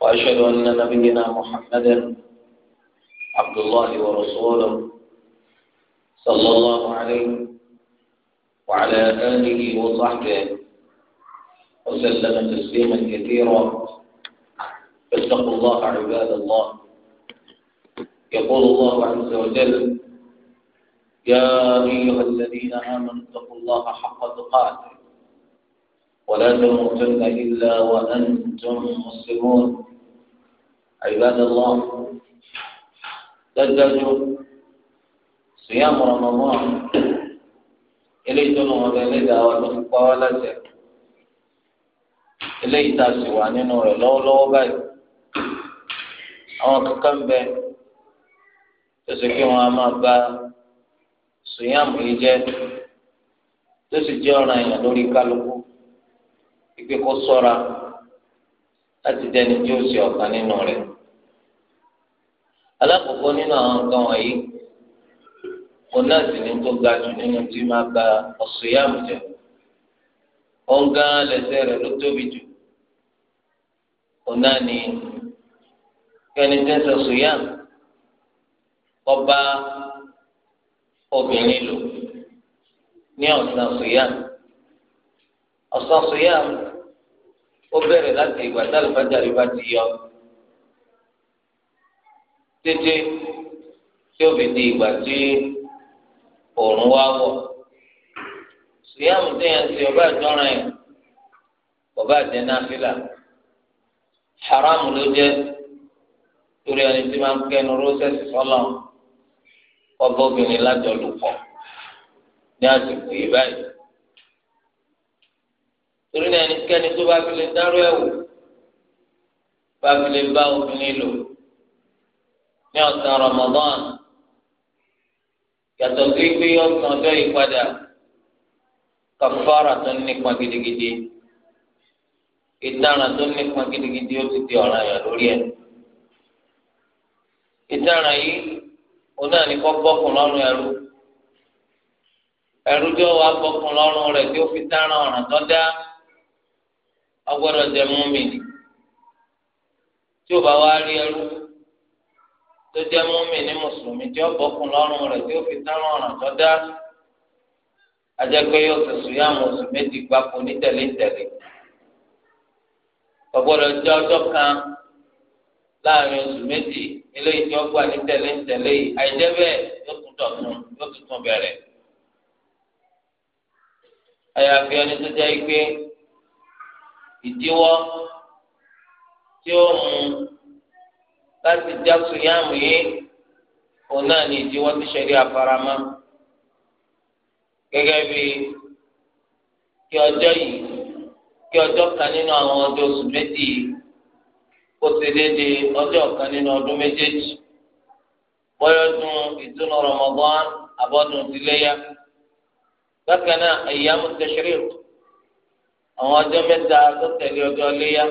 وأشهد أن نبينا محمدا عبد الله ورسوله صلى الله عليه وعلى آله وصحبه وسلم تسليما كثيرا فاتقوا الله عباد الله يقول الله عز وجل يا أيها الذين آمنوا اتقوا الله حق تقاته ولا تموتن إلا وأنتم مسلمون عباد الله دجاجوا صيام رمضان إليه تنو مدلدة وتقوالته إليه تاسوا عنه لو لو بي أو كم بي tẹsí kí wọn a máa bá sùnyàmù yìí jẹ tó sì jẹ ọ̀ràn èèyàn lórí kálukú ìpè kó ṣọ́ra láti dẹni tí ó ṣe ọ̀kan nínú rẹ̀ alákòókò nínú àwọn nǹkan wọ̀nyí òun náà sì ní tó ga jù nínú tí máa ba ọ̀sùnyàmù jẹ òun gan lẹ́sẹ̀ rẹ̀ ló tóbi jù òun náà ní kẹ́ni tẹ́sán sùnyàmù ọba obìnrin lò ní ọ̀sán suyam ọ̀sán suyam ó bẹ̀rẹ̀ láti ìgbà tí alùpàjáde bá ti yọ títí tí ó fi di ìgbà tí òòrùn wá wọ̀ suyam tẹ̀yàn sí ọba àjọra yẹn ọba àjẹ fìlà haram ló jẹ́ torí ẹni tí máa ń kẹnu rọ́ṣẹ́sì sọ́lọ́ọ̀ ọba obìnrin lájọlùpọ̀ ní àsìkò yìí báyìí torí náà ẹnikẹ́ni tó bá fi lè dárò ẹ̀wò bá fi lè bá obìnrin lò ní ọ̀sán Ramadan yàtọ̀ sí pé ọ̀sán ọjọ́ yìí padà kàfàrà tó nípa gidigidi ìtara tó nípa gidigidi ó ti di ọ̀ranyàn lórí ẹ̀ ìtara yìí. òun náà ní kọ́ bọ́kùn lọ́rùn ẹrú ẹrú tí ó bọ́kùn lọ́rùn rẹ̀ tí ó fi dáràn ọ̀ràn tó dá ọgbọ́dọ̀ jẹ mú mi nì tí ó bá wá rí ẹrú tó jẹ mú mi ní mùsùlùmí tí ó bọ́kùn lọ́rùn rẹ̀ tí ó fi dáràn ọ̀ràn tó dá ajẹ́pẹ́ yóò yá eléyìí tí wọ́n gbà ní tẹ̀lé ń tẹ̀lé yìí àìjẹ́ bẹ́ẹ̀ yóò tún dọ̀tun yóò tún tún bẹ̀rẹ̀. àyàfi ẹni tó jẹ́ pé ìdíwọ́ tí ó mú láti já sùyàmù yìí òun náà ní ìdíwọ́ tí ṣẹ̀rí àfaramá gẹ́gẹ́ bí kí ọjọ́ yìí kí ọjọ́ kan nínú àwọn ọjọ́ oṣù méjì yìí kó ti déédéé ọjọ́ kan nínú ọdún méjèèjì bọ́yọ̀dún ìtúnu Ramadan abọ́dún tiléyà bákan náà ayyamu tashriq àwọn ọjọ́ mẹ́ta tó tẹ̀lé ọjọ́ léyà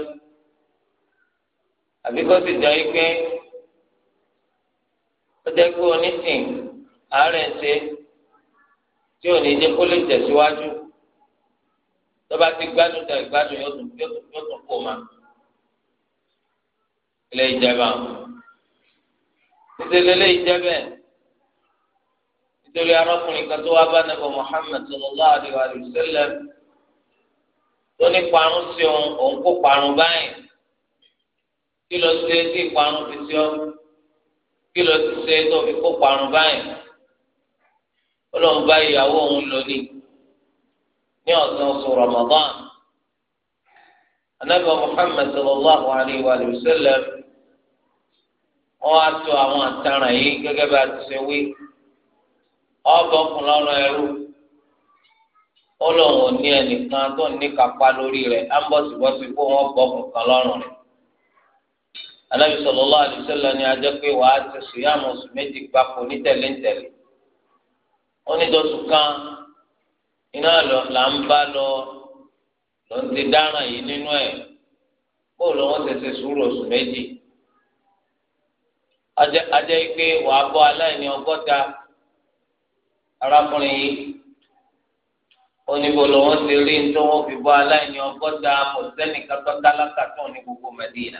àbí kó ti jẹ́ pé ó jẹ́ pé onísìn àárẹ̀ ń ṣe tí ò ní jẹ́ kó lè tẹ̀síwájú tó bá ti gbádùn tẹ̀ gbádùn yóò tún kó o máa ilé ìjẹba nítorí ilé ìjẹbẹ nítorí arákùnrin kan tó wá bá nàbọ Muhammad sallallahu alaihi wa sallam tó ní parun sí òun òun kó parun báyìí kí ló ṣe tí parun fi sí ọ kí ló ṣe tó fi kó parun báyìí ó lóun bá ìyàwó òun lónìí ní ọ̀sán oṣù Ramadan anabi Muhammad sallallahu alaihi wa sallam. wọn á tó àwọn àtàràn yìí gẹ́gẹ́ bá a ti ṣe wí ọbọ kùnà ẹrú ó lóun ò ní ẹnìkan tó ní lórí rẹ̀ á ń bọ̀sibọ́sí kó wọ́n bọ̀ kùnkan lọ́rùn alábi sallallahu alaihi wasallam ni ajẹ́ pé wàá ti sùn yá àwọn oṣù méjì gbapò ní tẹ̀léńtẹ̀lé ó ní dọ́sùn kan iná là ń bá lọ lọ́n ti dáràn yìí nínú ẹ̀ kó lóun ṣẹ̀ṣẹ̀ sùúrù oṣù méjì. ajẹ́ ikpe wàá bọ́ aláìní ọgọ́ta arákùnrin yìí oníbo lòun ti rí nítorí wọn fi bọ́ aláìní ọgọ́ta mọ̀sẹ́nì kátó tálákà tó ní gbogbo Mẹ́dínà.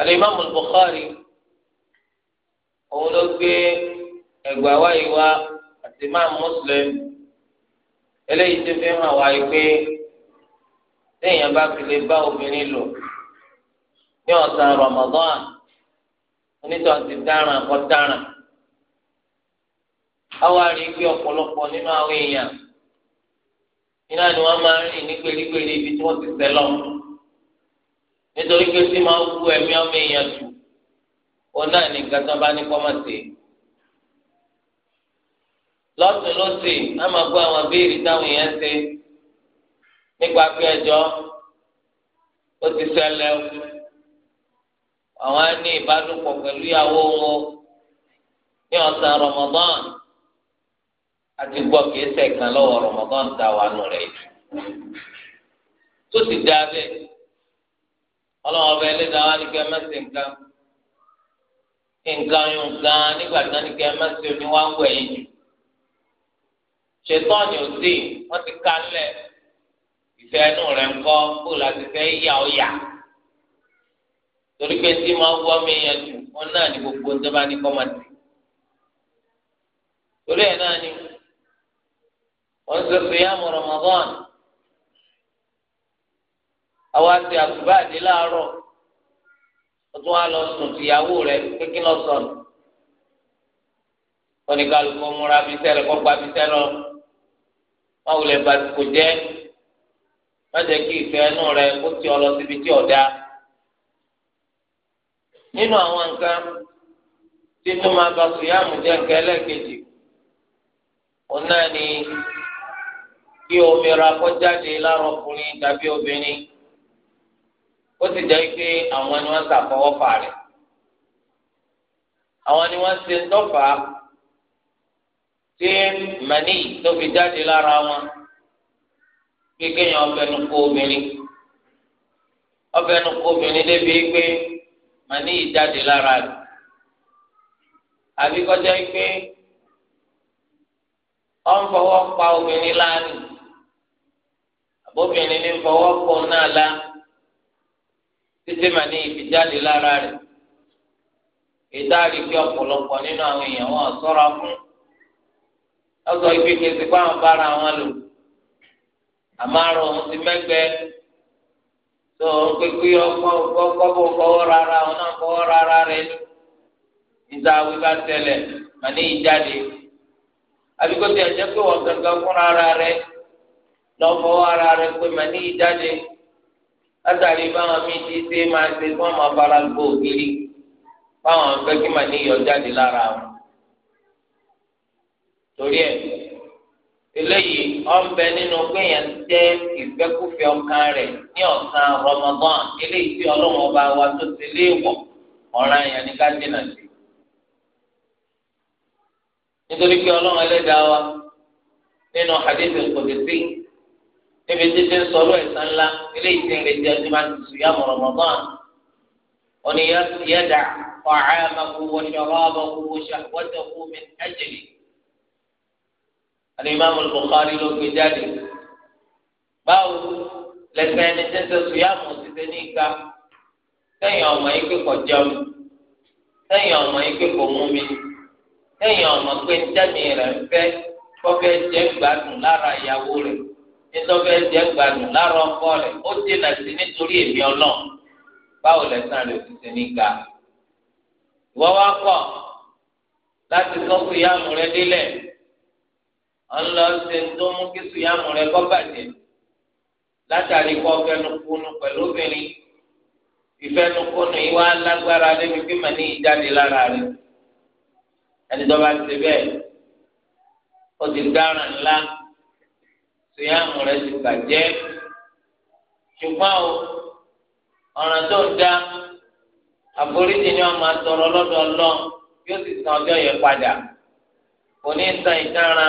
alimami Bukhari òun ló gbé ẹgbà wáyé wá àti máa Muslim eléyìí ti fi hàn wáyé pé téèyàn bá fi lè bá obìnrin lò. ní ọ̀sán Ramadan onítọ̀ ti dáràn kọ́ dáràn àwa rí ọ̀pọ̀lọpọ̀ nínú àwọn èèyàn iná ni wọ́n máa ibi tí wọ́n ti lọ nítorí pé tí máa ń wú ẹ̀mí ọmọ èèyàn jù òun náà ní bá ní kọ́ máa tè é lọ́sùn lọ́sì á máa gbọ́ àwọn á ní ìbálòpọ̀ pẹ̀lú ìyàwó wọn ní ọ̀sán Ramadan àti gbọ́ kìí sẹ̀kan lọ́wọ́ ta wà nù rẹ̀ jù tó ti dáa bẹ́ẹ̀ ọlọ́wọ́ ọba ẹlẹ́dàá wá ní kí ẹ má ṣe nǹkan nǹkan yóò gan nígbà ní kí ẹ má jù ṣètọ́ni torí pé tí máa wọ́ mi yẹn jù wọn náà ní gbogbo ń dábàá ní kọ́mọ̀tì torí ẹ̀ náà ni wọ́n sọ pé yá mọ̀ Ramadan àwa ti àtúbà dé láàárọ̀ wọ́n tún wá lọ sùn tìyàwó rẹ̀ pé kí lọ sọ̀nù wọ́n ní kálukú múra bí sẹ́rẹ̀ kọ́ gba bí sẹ́rẹ̀ wọ́n wulẹ̀ bàtìkù jẹ́ wọ́n jẹ́ kí ìfẹ́ inú rẹ̀ kó ti lọ síbi tí ọ̀dà. nínú àwọn nǹkan tí tó máa bá sùyàmù jẹ nǹkan ẹlẹ́ẹ̀kejì òun náà ni kí omi ra kó jáde lára ọkùnrin tàbí obìnrin ó sì jẹ́ pé àwọn ni wọ́n ṣàfọwọ́ fà rẹ̀ àwọn ni wọ́n ṣe ń tọ́fà tí mani tó fi jáde lára wọn pé ọbẹ̀ nu kó obìnrin ọbẹ̀ nu kó obìnrin débi pé. màní ìjáde lára rẹ̀ àbí kọjá pé ọ ń fọwọ́ pa obìnrin láàánú àbóbìnrin ní fọwọ́ pọ̀ náà lá títí màní ìfijáde lára rẹ̀ ìdáàrí kí ọ̀pọ̀lọpọ̀ nínú àwọn èèyàn wọn sọ́ra fún àwọn bára wọn lò àmọ́ tó pépé ọkọ̀ọ̀kọ̀ fọwọ́ rárá ọ náà fọwọ́ rárá rẹ ní. níta wí bá tẹlẹ̀ mà ní ìjáde. àbíkó ẹ̀jẹ̀ pé wọ́n rẹ lọ fọwọ́ ara rẹ pé mà ní ìjáde. látàrí báwọn míì ti ṣe máa ṣe fún ọmọ afárá báwọn fẹ́ kí mà ní lára eléyìí ọ̀nbẹ nínú gbẹ̀yàn jẹ́ ìfẹ́kùfẹ́ ọkàn rẹ̀ ní ọ̀sán Ramadan eléyìí tí ọlọ́run ọba wa tó ti léèwọ̀ ọ̀ràn yẹn ní kájínà sí. nítorí pé ọlọ́run ẹlẹ́dàá wa nínú hadith al-Qudsi níbi títí ń sọ̀rọ̀ ẹ̀san ńlá eléyìí tí ń retí ẹni máa ti sùn yàmù Ramadan oníyàtúyẹ̀dà ọ̀hánmàkú wọ̀ṣọ̀rọ̀ ọ̀bọ̀kú wọ̀ṣọ̀ wọ́tẹ̀kú mi alimami Bukhari ló gbé jáde báwo lẹsẹ ẹni tẹsẹ sùyàmù ti tẹ ní ìka sẹyìn ọmọ yìí pé kò jẹun sẹyìn ọmọ yìí pé kò mú mi sẹyìn ọmọ pé ń jẹmí rẹ ń fẹ kọfẹ jẹ gbádùn lára ìyàwó rẹ nítọ́fẹ́ jẹ́ gbádùn lára ọkọ rẹ̀ ó dènà sí nítorí èmi ọlọ́run báwo lẹ́sàn rẹ̀ ti ní ga. ìwọ́ wá kọ̀ láti sọ́kù ìyáàmù rẹ délẹ̀ ọlọ ṣe tó mú kí sùyàmù rẹ kọ bàjẹ́ látàrí kọ fẹnukunu pẹ̀lú obìnrin ìfẹnukunu yìí wá lágbára débi pé màní ìjáde lára rẹ ẹni tó bá ti bẹ́ẹ̀ ó ti dáràn ńlá sùyàmù rẹ ti bàjẹ́ ṣùgbọ́n o ọ̀ràn tó ń dá àforíjì ni wọ́n máa tọrọ lọ́dọ̀ yóò sì san ọjọ́ yẹn padà kò ní san ìtara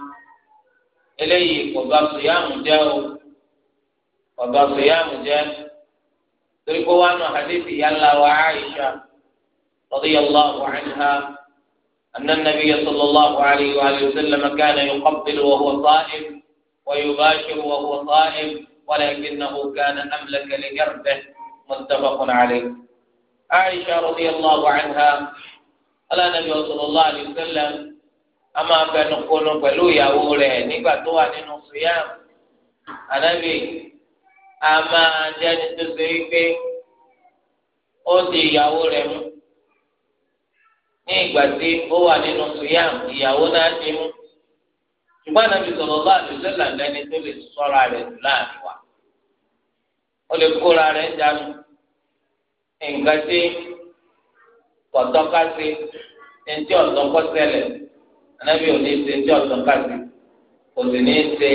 eléyìí kò bá sèyáàmù jẹ́ o kò bá sèyáàmù jẹ́ torí pé wọn nù hadithi yàrá wa Aisha radiyallahu anha أن النبي صلى الله عليه وآله وسلم كان يقبل وهو صائم ويباشر وهو صائم ولكنه كان أملك لجربه متفق عليه عائشة رضي الله عنها قال النبي صلى الله عليه وسلم Ama máa fẹnu kunu pẹ̀lú ìyàwó rẹ̀ nígbà tó wà nínú suyam anabi a máa tó ṣe wípé ó di ìyàwó rẹ̀ mú ní ìgbà tí ó wà nínú suyam ìyàwó náà ti mú ṣùgbọ́n anabi sọ̀rọ̀ bá àdùsẹ́ làǹdẹ́ni tó lè sọ́ra rẹ̀ láàrin wa ó lè kóra rẹ̀ jánu nǹkan tí kọ̀tọ́kásí ẹ̀ńtí ọ̀tọ́kọ́sẹ́lẹ̀. anabi ò ní ṣe ntí ọ̀sán káàsì kò sì ní ṣe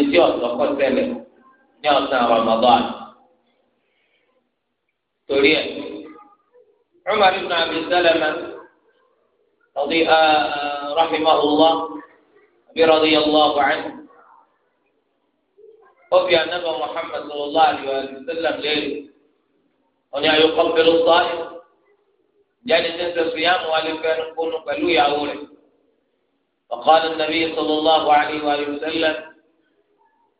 ntí ọ̀sán kọ́sẹ̀lẹ̀ ní ọ̀sán Ramadan torí ẹ̀ Umar ibn Abi Salama radi rahimahullah àbí radiyallahu anhu ó fi anabi Muhammad sallallahu alayhi wa sallam léèrè wọn ni ayọ̀kọ́ pẹ̀lú sọ́ọ̀yì jáde ní sẹ́sọ̀ yá mu alẹ́ fẹ́ẹ́ nukunu pẹ̀lú ìyàwó rẹ̀. وقال النبي صلى الله عليه وآله وسلم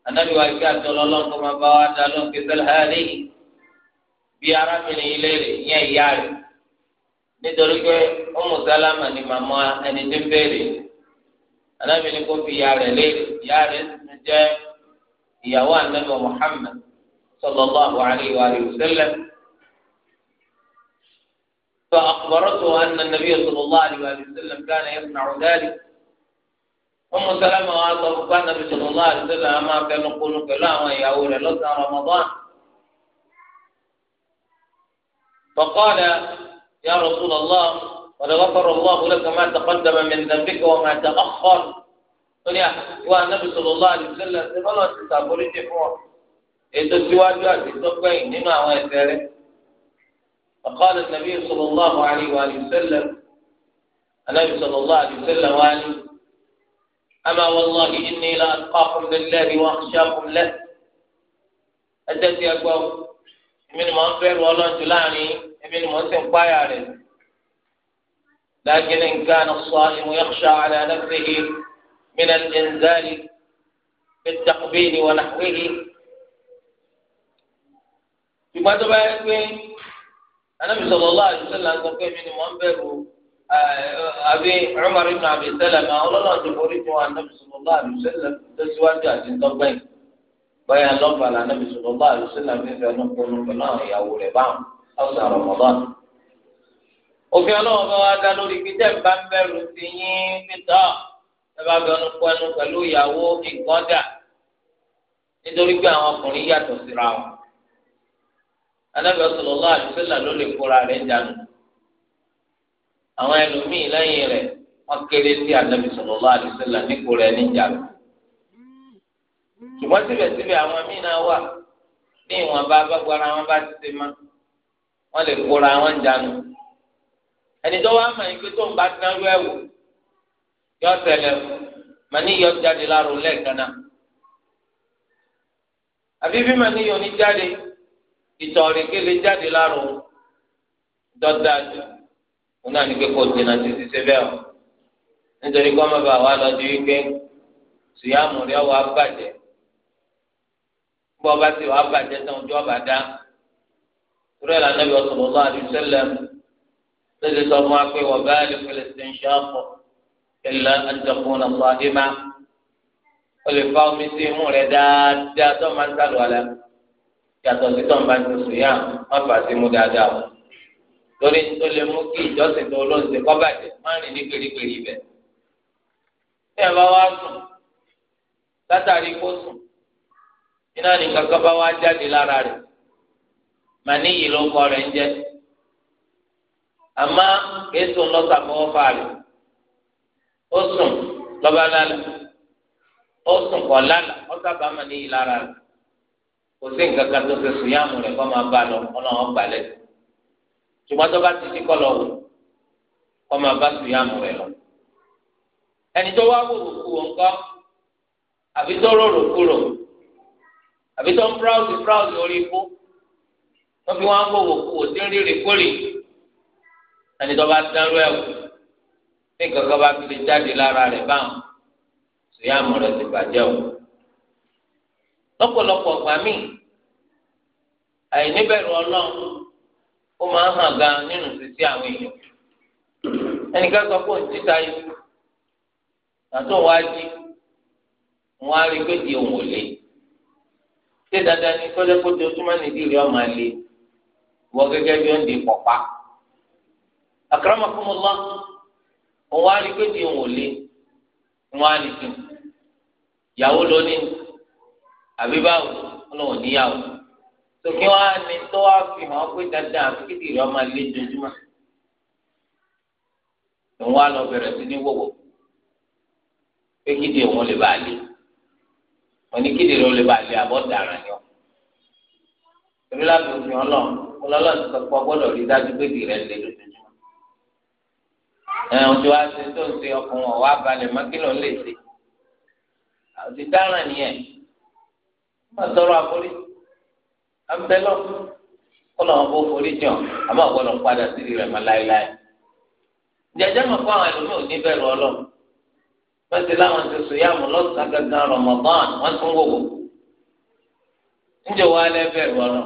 النبي وإكاد صلى الله عليه وسلم بعد أن كسل هذه عرب إليه يا ياري nítorí pé ọmọ sálámà ni màmá ẹni tí ń béèrè anábì ni kò fi ìyá rẹ̀ léèrè ìyá rẹ̀ ti jẹ́ ìyàwó re ti فأخبرته أن النبي صلى الله عليه وسلم كان يصنع ذلك ọmọ sálámà wa sọ fún bá nàbì sọlọ́lá àdìsẹ́lẹ̀ a máa fẹnu kunu pẹ̀lú àwọn ìyàwó rẹ̀ lọ́sàn-án Ramadan. فقال يا رسول الله قد غفر الله لك ما تقدم من ذنبك وما تأخر قل يا النبي صلى الله عليه وسلم فلا تستغفرين فوق ètò síwájú àti sọ́gbẹ́yìn nínú àwọn ẹ̀ṣẹ̀ rẹ̀. فقال النبي صلى الله عليه وآله وسلم النبي صلى الله عليه وسلم أما والله إني لأتقاكم لله وأخشاكم له أجلس يا من منفر ولا جلاني من منسم قياري لكن إن كان الصائم يخشى على نفسه من الإنزال بالتقبيل ونحوه ṣùgbọ́n tó bá yẹ pé الله عليه وسلم là ń sọ pé àbí eh, Umar ibn Abi Salama ọlọ́nà ti borí fún wa nàbì sọlọ́lá àbísẹ́lẹ̀ tó síwájú àti ntọ́gbẹ́yìn báyà lọ́fàlà nàbì sọlọ́lá àbísẹ́lẹ̀ fífẹ́ nùkúnú pẹ̀lú àwọn ìyàwó rẹ̀ báwọn ọ̀sán Ramadan. òfin ọlọ́wọ́ bá wa dá lórí ibi tẹ́ ń bá ń bẹ̀rù sí yín pítọ́ ẹ bá bẹ ọnu pẹ́nu pẹ̀lú ìyàwó ìgbọ́dà nítorí pé àwọn ọkùnrin yàtọ̀ síra wọn. anábìọ́sọ̀lọ́lá àbísẹ́lẹ̀ ló àwọn ẹlòmíì lẹ́yìn rẹ̀ wọ́n kéré sí anabi sallallahu alaihi wasallam nípò rẹ̀ níjà lọ. ṣùgbọ́n síbẹ̀síbẹ̀ àwọn míì náà wà ní ìwọ̀nba abágbára wọn bá ti ṣe má wọ́n lè kóra wọn jánu. ẹni tó wá mọ̀ yín pé tó ń bá tán rú ẹ̀wò yọ tẹ̀lẹ̀ màní yọ jáde láàrú lẹ́ẹ̀kan náà. bí màní yọ ní jáde ìtọ̀ọ̀rẹ̀kẹ́ lè jáde láàrú dọ́dáadùn wọn náà ní pé kó dènà títí ṣe bẹ́ẹ̀ o nítorí kọ́ mọ́ba wa lọ di wípé sùyàmù rẹ̀ wà bàjẹ́ bọ́ bá ti wà bàjẹ́ tán ojú ọba dá rẹ̀ lànà bí ọ̀sán lọ́wọ́ àdìsẹ́lẹ̀ lóde sọ fún wa pé wọ́n bá lè fẹlẹ̀ sí ń ṣe ọkọ̀ ẹ̀là ẹ̀dọ̀kùn ọ̀sán àdìmá o lè fa omi sí imú rẹ̀ dáadáa tó máa ń sálùwalẹ̀ yàtọ̀ sí tó ń bá ti sùyàmù má sí mú dáadáa o. torí tó lè mú kí ìjọsìn tó lóńṣe kọ́ bàjẹ́ má rìn ní pèrèpèrè ibẹ̀. bí ẹ bá wá sùn látàrí kó sùn iná ní kankan bá wá jáde lára rẹ̀ mà níyì ló kọ rẹ̀ ń jẹ́ àmọ́ rẹ̀ ó sùn lọ́ba lálẹ́ ó sùn ṣùgbọ́n tó bá ti di kọ́lọ̀ wò kọ́ máa bá sùyàmù rẹ̀ lọ. ẹni tó wá wòwò kú wọn kọ́ àbí tó rorò kúrò àbí tó ń fúráùsì fúráùsì orí ikú wọ́n fi wọ́n wòwò kú wò tí ń rírì kórè ẹni tó bá dánrú ẹ̀ wò ní kankan bá fi lè jáde lára rẹ̀ báwọn sùyàmù rẹ̀ ti bàjẹ́ o. lọ́pọ̀lọpọ̀ gbàmí àìníbẹ̀rù ọlọ́run. máa hàn gan nínú títí àwọn èèyàn ẹnìkan sọ pé òun títa yìí tàtó wá jí wọn á rí pé di òun ò lè ṣé dandan ni kọ́lẹ́ kó dojúmọ́ nídìí rí ọmọ lè wọ gẹ́gẹ́ bí ó di pọ̀pá akramakumullah á tòkí wá ní tó wá fi hàn pé dandan àti kékeré ọmọ ilé dojúmọ́ òun wá lọ bẹ̀rẹ̀ sí ní wòwò pé kíde òun lè bá a lé oníkéde ló lè bá a lé àbọ̀ dàrá ni ọ torí láti òfin ọlọ́run ọlọ́run ti sọ pé ọgbọ́dọ̀ rí dájú pé tìrẹ̀ lè lójoojúmọ́ ẹ̀hún tí wàá ṣe tó ń ṣe ọkùnrin ọ̀wá balẹ̀ mọ́ kí ló ń lè ṣe àti dáràn nìyẹn wọ́n sọ̀rọ̀ àforíjì àmbẹ́lọ́ kọ́lọ̀ wọn bó forí jàn àmọ́ ọ̀gbọ́dọ̀ padà síbi rẹ̀ mọ́ láéláé. jẹjẹ mọ̀ fún àwọn ẹlòmíì ò ní bẹ̀rù ọlọ́ wọ́n ti láwọn ti sùn yá mọ̀ lọ́sàn-án gangan Ramadan wọ́n tún wò wò. ńjẹ́ wàá lẹ́ bẹ̀rù ọlọ́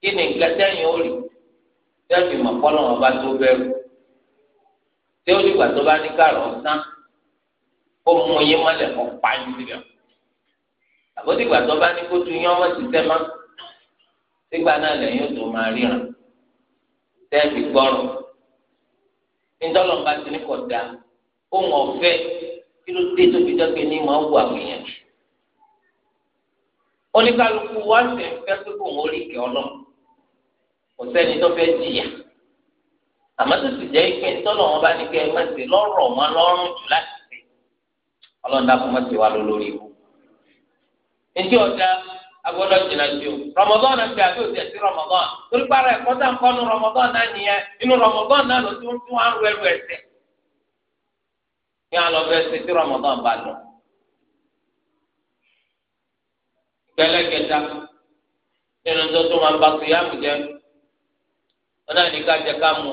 kí ni nǹkan tẹ́yìn ó rí tẹ́ fi mọ̀ kọ́lọ̀ wọn bá tó bẹ̀rù tí ó dìgbà tó bá ní kárọ̀ ọ̀sán ó mú iye mọ́lẹ̀ kọ́ pa ní síbẹ̀ kọ́ àbódìgbà tó bá ní kó tu yán wọn ti tẹ́ mọ́ sígbà náà lẹ́yìn ó tó máa ríran tẹ́ẹ̀fì gbọ́rọ̀ nítọ́lọ́mùbá ti ní kọ̀ da ohun ọ̀fẹ́ kí ló dé tó fi dọ́gbé ní máa wù àwọn èèyàn jù oníkálukú wá sí ẹ̀fẹ́ pé kò wọ́n rí ìkẹ́ ọlọ́run kò sẹ́ni tó fẹ́ jìyà àmọ́ tó sì jẹ́ pé nítọ́lọ́mùbá ní kẹ́ ẹ má ṣe lọ́rọ̀ mọ́ lọ́rùn jù láti ṣe ọlọ́run dákun má ṣe wá lólórí ikú ntí ọjà agbọ́dọ̀ jìnnà jù rọmọdán náà ti àbí òtẹ sí rọmọdán torí para ẹ̀kọ́ tá n kọ nu rọmọdán náà nìyẹn inú rọmọdán náà ló tún tún wọn rẹ rẹ ẹsẹ kí wọn lọ fẹẹ ṣe tí rọmọdán bá lọ. ìpẹlẹ kẹta nínú tó tún máa ń bá kìyàmù jẹ wọn náà ní kájẹ kámù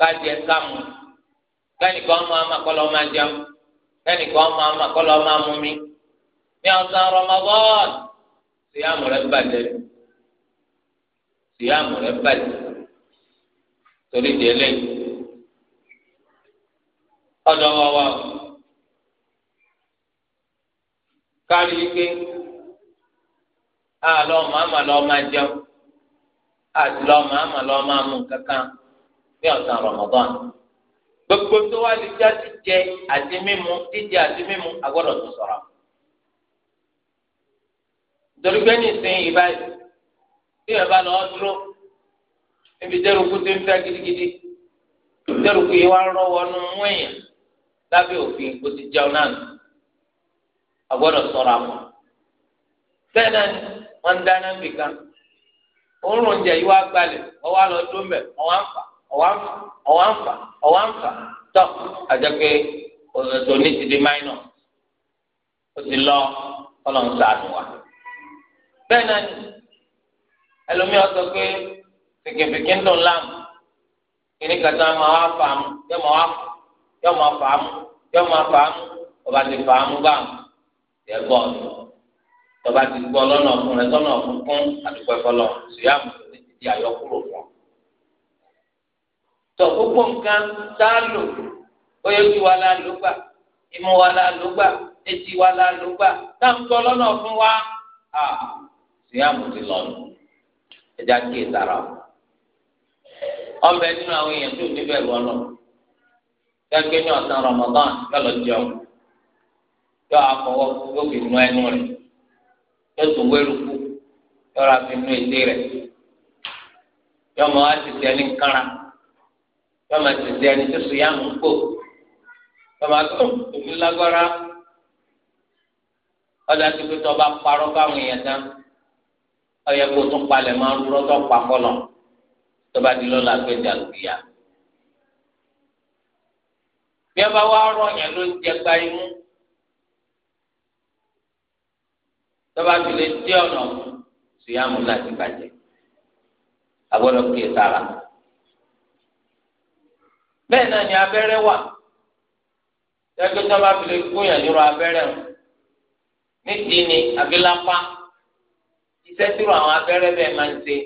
kájẹ kámù kẹ́nìkan máa ma kọ́ lọ́ọ́ máa jẹun kẹ́nìkan máa ma kọ́ lọ́ọ́ máa mú mi ní ọ̀sán Ramadan síyàmù rẹ bàjẹ́ síyàmù rẹ bàjẹ́ torí délé ọ̀dọ̀ wàwà kárí pé àlọ́ màmá lọ́ máa jẹun àti lọ́ màmá lọ́ máa mú kankan ní ọ̀sán Ramadan gbogbo tó wá lè já jíjẹ àti mímu jíjẹ àti mímu agbọ́dọ̀ tó sọ̀rọ̀. nítorí pé ní ìsìn ìbáyìí tí ẹ bá lọ dúró níbi dẹrùkú ń gidigidi dẹrùkú yìí wá ń rọwọ́ nù mú èèyàn lábẹ́ òfin kò ti jẹun náà nù àgbọ́dọ̀ ṣọ́ra mọ́ bẹ́ẹ̀ náà ni ń dáná nìkan òórùn oúnjẹ yìí wá àǹfà bẹ́ẹ̀ náà ni ẹlòmíì ọ̀sọ̀ pé fìkìfìkì ń dùn láàmú kìnnì kàtà máa wá fàámu yọ máa wá yọ máa fàámu yọ máa fàámu ọba ti fàámu báàmù yẹ bọ̀ ọba ti gbọ́ lọ́nà ọ̀fun lọ́nà ọ̀fun fún àdúgbò ẹ̀fọ́ lọ sùyàmù ti di àyọkúrò fún ọ. tọ gbogbo nǹkan tá a lò oyè tí wa la lò gbà imú wa la lò gbà etí wa la lò gbà tá a ń gbọ́ lọ́nà ọ̀fun wa. síyàmù ti lọ́nù ẹja kí ìtara e ọbẹ̀ nínú àwọn èèyàn tó níbẹ̀ lọ́nà gẹ́gẹ́ ní ọ̀sán Ramadan lọ́lọ́ jẹun yọ àfọwọ́ yóò fi nu ẹnu rẹ̀ yóò tún wẹ́rù kú nu ètè kára tó kó òfin lágbára ọjà tó fi tọ́ bá parọ́ èèyàn ọyẹ kó tún palẹ̀ máa ń rọ́tọ́ pa kọ́lọ̀ tó bá di lọ́la pé ní àlùbíyà. bí a bá wá rọ̀yàn ló ń jẹ gba imú tó bá fi lè dé ọ̀nà síyáàmù láti bàjẹ́ agbọ́dọ̀ kíyè sára. bẹ́ẹ̀ náà ni abẹ́rẹ́ wà tẹ́gbẹ́ tó bá fi lè gúnyàn nírú abẹ́rẹ́ nídìí ni àbí lápá iṣẹ́ tí àwọn abẹ́rẹ́ bẹ́ẹ̀ máa ń ṣe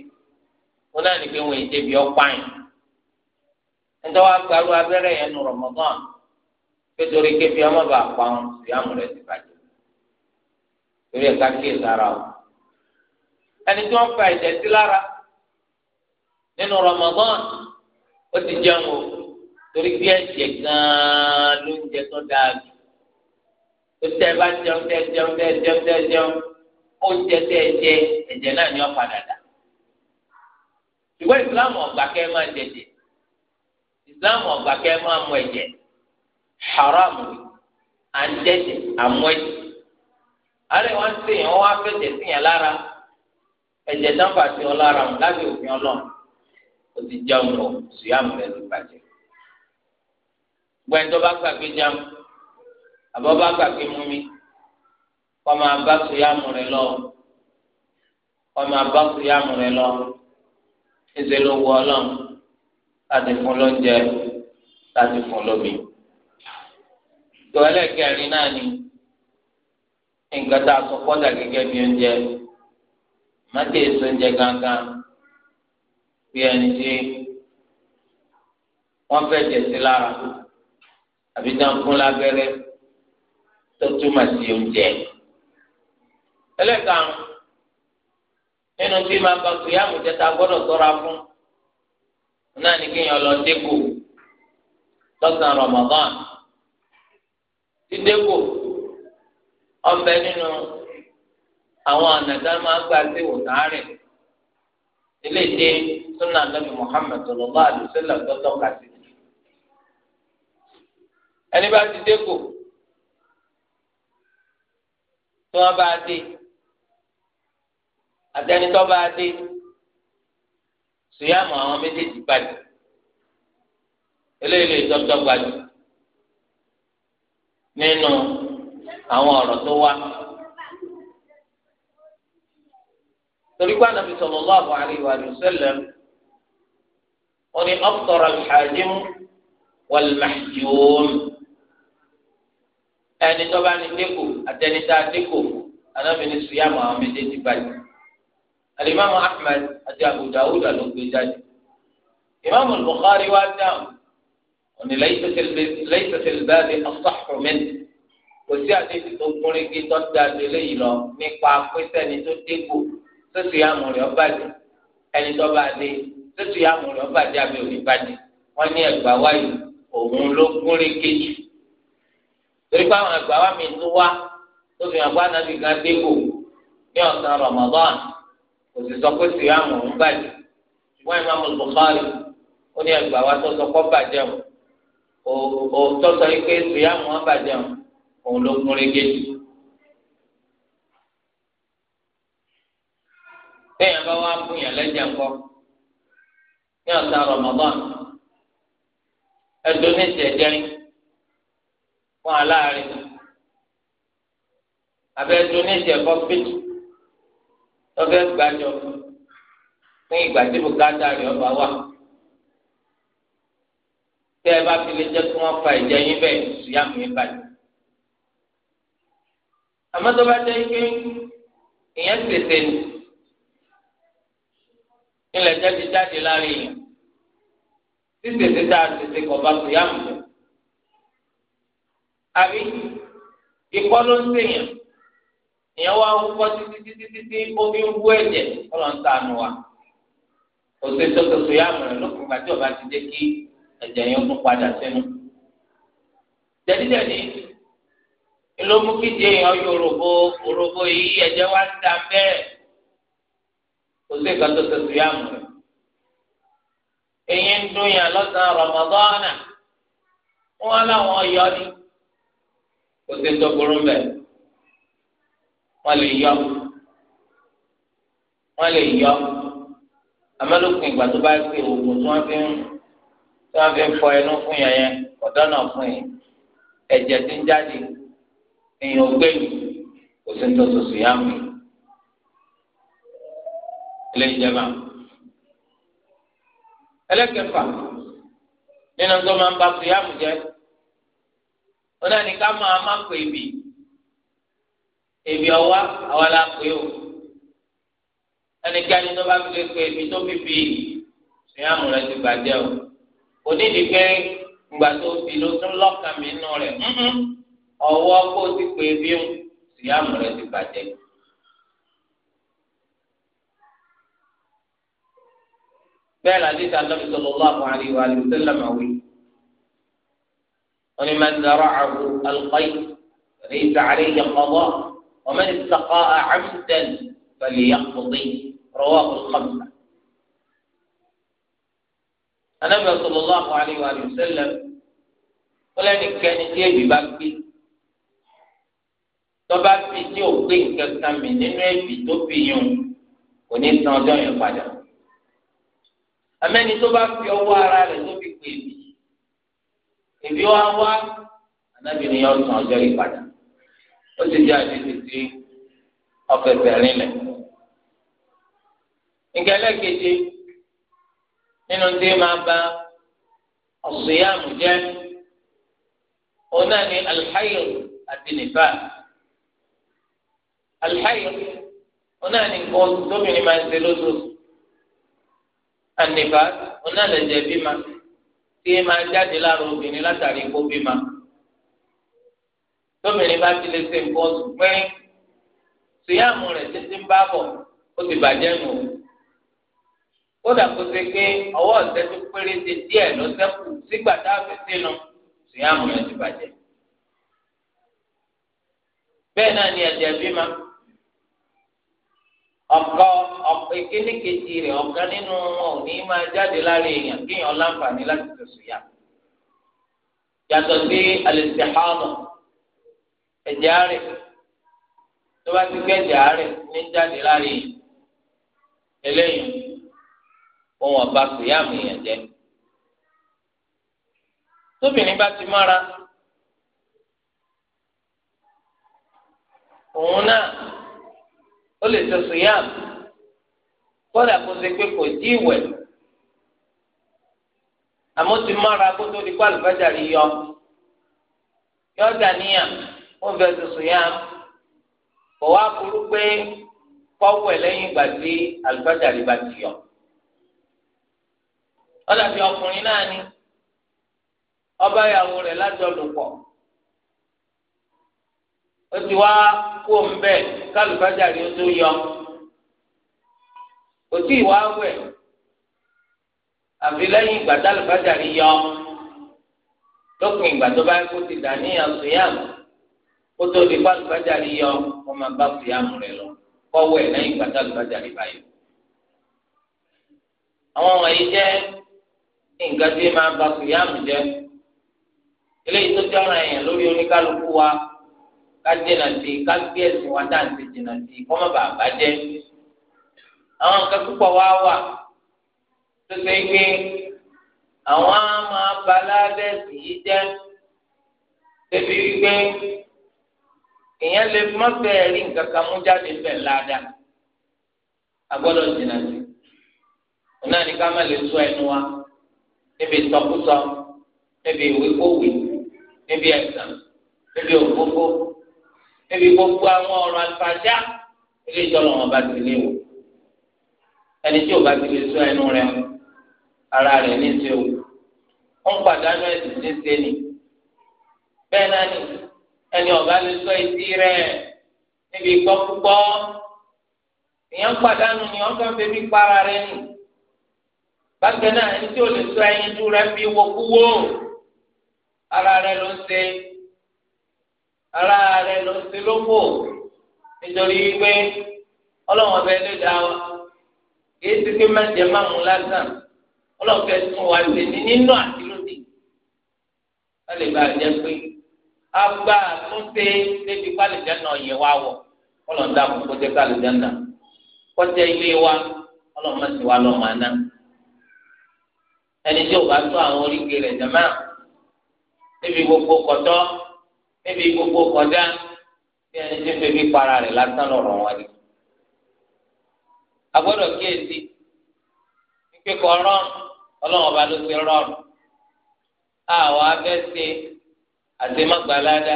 wọn náà ní pé wọn èdè bí ọ̀pá yẹn ẹjọ́ wa gbaru abẹ́rẹ́ yẹn nù Ramadan pétorí kébi ọmọ bá pa wọn ìyàmù rẹ̀ ti bàjẹ́ torí ẹ̀ka kíyè sára o ẹni tí wọ́n fa ẹ̀jẹ̀ sí lára nínú Ramadan ó ti jẹun o torí bí ẹ̀jẹ̀ gan-an ló ń jẹ tó dáa jù tó tẹ́ ẹ bá jẹun tẹ́ jẹun tẹ́ jẹun tẹ́ jẹun oúnjẹ tẹ ẹ jẹ ẹ̀jẹ̀ náà ni ó padà dà ìwé ìsìlámù ọgbà kẹ máa jẹjẹ ìsìlámù ọgbà kẹ máa mú ẹ̀jẹ̀ haramu à ń jẹjẹ àmú ẹ̀jẹ̀ alẹ wọn sè yẹn wọn wá fẹjẹ sí yẹn lára ẹ̀jẹ̀ dáńfà sí ọ lára wọn lábẹ́ òfin Ọlọ́run o ti jẹun lọ sùyàmù rẹ ló bàjẹ́ gbẹ̀ǹdọ́ bá gbàgbé jẹun àbọ̀ bá gbàgbé mú mi kọ́mọ abá sùyàmù rẹ lọ kọ́mọ ya sùyàmù rẹ lọ ẹsẹ̀ ló wọ ọlọ́run láti fún lóúnjẹ láti fún lómi. ìwọlé kẹrin náà ni nǹkan tá a sọ pọ́tà gẹ́gẹ́ bí oúnjẹ má tẹ̀ èso oúnjẹ gangan bí ẹni tí wọ́n fẹ́ jẹ̀sí lára àbí dáńkún lábẹ́rẹ́ tó túmọ̀ sí oúnjẹ ẹlẹ́karùn nínú tí máa gba kìyàmù jẹta gbọ́dọ̀ ṣọ́ra fún náà ní kéèyàn lọ dégò lọ́sàn-án Ramadan tí dégò ọbẹ̀ nínú àwọn ànàdá máa gba sí òtárẹ̀ ilé ìdí súnà nàbì Muhammad sallallahu alaihi wasallam tó tọ́ka sí ẹni bá ti dégò tí wọ́n bá dé àtẹnitọ́ bá dé sùyàmù àwọn méjèèjì bàjẹ́ eléyìí lè tọ́tọ́ gbajù nínú àwọn ọ̀rọ̀ tó wá. torí pé Ànábì sallallahu alaihi wa sallam wọ́n ní aftara al-hajimu wal-mahjum ẹni tó bá ní dẹ́kù àtẹnitá dẹ́kù Ànábì méjèèjì bàjẹ́ alimami ahmed àti abu dawud ló gbé jáde imaamu bukhari wá dáhùn òní lẹ́yìn báàbí afọ́fọ́ mẹ́tì kò sí àdéhùn tó kúnrin kí tó dáadé léyìí lọ nípa pẹ́sẹ́ni tó dégbò sọ́sì àmúrẹ́ ọ̀bàdì ẹni tó bá dé sọ́sì àmúrẹ́ ọ̀bàdì àbẹ̀ òní bàdì wọ́n ní ẹgbàá wáyé òun ló kúnrin kejì torí pé àwọn ẹgbàá wá mi tó wá tó fi hàn pé ànábì kan dégbò ní ọ̀sán ramadan kò sì sọ pé síyáàmù ń bàjẹ́ ṣùgbọ́n ìmáàmù Bukhari ó ní ẹgbà wa tó sọ pé bàjẹ́ o ò tó sọ pé síyáàmù ń bàjẹ́ o òun ló kún régé jù. téèyàn bá wá fún yàn lẹ́jẹ̀ ńkọ́ ní ọ̀sán Ramadan ẹdùn ní ìṣẹ̀jẹ̀ fún aláàárín abẹ́ẹ̀dùn ní ìṣẹ̀kọ́ fíjì lọ́fẹ́ gbàjọ fún ìgbà tí bùkátà rẹ̀ ọba wà. tẹ́ ẹ bá fi lè jẹ́ kí wọ́n fa ìjẹ́ yín bẹ́ẹ̀ ìsúyàmù yín bàjẹ́. àmọ́ tó bá jẹ́ ike ìyẹn tètè nù ilẹ̀ jẹ́ ti jáde láàrin yìí tí tètè tá a tètè kọ̀ bá ìsúyàmù yẹn. àbí ìkọ́ ló ń sèyàn. ìyẹn wá wúkọ́ títí títí títí omi ń wú ẹ̀jẹ̀ ọlọ́ ń sànù wa òsè mụrụ yá mọ̀ràn lókun gbàtí ọba ti dé kí ẹ̀jẹ̀ yẹn tún padà sínú. jẹ̀díjẹ̀dí ló kí di èèyàn yọ yìí ẹ̀jẹ̀ wá ń da bẹ́ẹ̀ òsè mọ̀ràn. ń dún yàn lọ́sàn wọ́n lè yọ wọ́n lè yọ amálòkùn ìgbà tó bá ṣe oògùn tí wọ́n fi ń tí wọ́n fi ń fọ ẹnu fún yẹn yẹn ọ̀dọ́ náà fún yẹn ẹ̀jẹ̀ ti ń jáde èèyàn ò gbẹ̀yìn kò sí ní tó yá mi ilé ìjẹba ẹlẹ́kẹ̀fà nínú tó máa ń ba sòyàmù jẹ́ ó náà ní ká máa má pè é bì í ebi ọwa àwa la pè o ẹnikẹ́ni tó bá fi lè pe ebi tó bíbí ìyàmù rẹ ti bàjẹ́ o onídìí pé ìgbà tó fi ló tún lọ́kàn mi nù rẹ̀ ọwọ́ kó ti pe ebi o ìyàmù rẹ ti bàjẹ́. bẹ́ẹ̀ la ti ta lọ́bi sallallahu alaihi wa sallam àwí onímọ̀ ẹ̀dá rọ̀ àwù alqay rẹ̀ ìtàrí ìyàpọ̀ bọ́ọ̀. ومن استقاء عمدا فليقضي رواه الخمسة النبي صلى الله عليه وآله وسلم قال إن كان يبي بكي tọ́ba fi tí o gbé nǹkan kan mi nínú ẹ̀bì tó fi yùn kò ní san ọjọ́ yẹn padà. àmẹ́ni tó bá fi ọwọ́ ara rẹ̀ tó fi pè mí èmi wá wá ànábìrin yẹn san ọjọ́ yìí padà ó sì jẹ́ àdéhùn sí ọ̀fẹ̀sẹ̀ rinlẹ̀. nǹkan ẹlẹ́kejì nínú tí máa ba ọ̀sùnyàmù jẹ́ òun náà ni alhayo àti nìfà. alhayo òun náà ni nǹkan oṣù tóbìnrin máa ń ṣe lóṣooṣù. ànìfà òun náà lè jẹ́ bímọ tí máa jáde lára obìnrin látàrí kó bímọ tóbìnrin bá ti lè ṣe nǹkan oṣù pẹ́rín síyáàmù rẹ̀ títí ń bá bọ̀ ó ti bàjẹ́ nù. kódà kó ṣe pé ọwọ́ ọ̀sẹ̀ tó péré ṣe díẹ̀ lọ́sẹ̀ kù sígbà tá a fi sínú síyáàmù rẹ̀ ti bàjẹ́. bẹ́ẹ̀ náà ni ẹ̀jẹ̀ bímọ ọkọ ọkọ ìkíní kejì rẹ̀ ọ̀kan nínú wọn ò ní máa jáde lára èèyàn kéèyàn láǹfààní láti tẹ̀sùn yá yàtọ̀ sí alẹ́ sèhámù ẹ̀jẹ̀ àárẹ̀ tó bá ti gbé ẹ̀jẹ̀ àárẹ̀ ní jáde láàrin yìí eléyìí ohun ọba kìyàmù yẹn jẹ tóbìnrin bá ti mára òun náà ó lè ṣe sùyàmù kódà kó ṣe pé kò dí ìwẹ̀ àmọ́ ti mára kó tó di kó àlùfáàjà rí yọ yọ dàníyàn wọn fẹẹ tuntun yá kò wá burú pé kọwẹ lẹ́yìn ìgbà tí àlùfáàjà rí bá ti yọ ọdàbí ọkùnrin náà ni ọba ìyàwó rẹ̀ lájọlùpọ̀ ó ti wá kó ń bẹ kálùfáàjà rí ó tó yọ kò tí ì wá wẹ̀ àfi lẹ́yìn ìgbà tálùfáàjà rí yọ lópin ìgbà tó bá kó ti dà ní àlùyàmù kó tó di pa alùpàjárì yọ kó máa bá fìyàmù rẹ lọ kọ́wọ́ ẹ̀ lẹ́yìn ìgbà tá alùpàjárì bá yọ. àwọn wọ̀nyí jẹ́ nǹkan tí máa bá fìyàmù jẹ́ eléyìí tó jọra ẹ̀yàn lórí oníkálukú wa ká dènà sí ká gbé ẹ̀sìn wa dáǹtì dènà sí kó má bàa bàjẹ́. àwọn nǹkan púpọ̀ wá wà tó ṣe é pé àwọn á máa bẹ́ẹ̀ sì yí jẹ́ débi wípé èèyàn lè má fẹ́ẹ́ rí nǹkan kan mú jáde bẹ́ẹ̀ ládàá agbọ́dọ̀ jìnnà sí náà ní ká má lè sọ ẹnu wa níbi ìtọ́kùsọ níbi ìwékòwé níbi ẹ̀sán níbi òfófó níbi gbogbo àwọn ọ̀rọ̀ àtàjá ilé ìjọlọ wọn bá ti lé wò ẹni tí ò bá ti lè sọ ẹnu rẹ̀ ara rẹ̀ ní ti o ó ń pàdánù ẹ̀sìn tí ń ṣe ni bẹ́ẹ̀ náà ni ẹni ọ̀gá lè sọ etí rẹ̀ níbi gbọ́ púpọ̀ èèyàn pàdánù ni ọ̀gá ń bẹbí para rẹ̀ nù bákan náà ẹni tí ò lè sọ ẹyin dú rẹ̀ bí wọ́kúwó ara rẹ̀ ló ń ṣe ara rẹ̀ ló ń ṣe lóko nítorí wípé ọlọ́wọ́n ọbẹ̀ lè dá wa kìí ti pé mẹ́jẹ máa mú lásán ọlọ́wọ́n fẹ́ tún wa ṣe ní nínú àti lóde wọ́n lè bá a jẹ pé agba àtúnṣe débi kálíjánà yẹ wá wọ ọlọ́dà kó jẹ́ kálíjánà kọjá ilé wa ọlọ́mọ sì wá lọ́mọ àná ẹni tí o bá tó àwọn oríkè rẹ̀ jẹ̀mọ́ níbi gbogbo kọ̀tọ́ níbi gbogbo kọjá bí ẹni tí ń febi para rẹ̀ lásán lọ́rọ̀ wọn ni. agbọ́dọ̀ kíyèsí pípé kọ́ rọ́ọ̀n ọlọ́wọ́n bá ló ti rọ́ọ̀n àwọn abẹ́ ṣe àti magba láàdá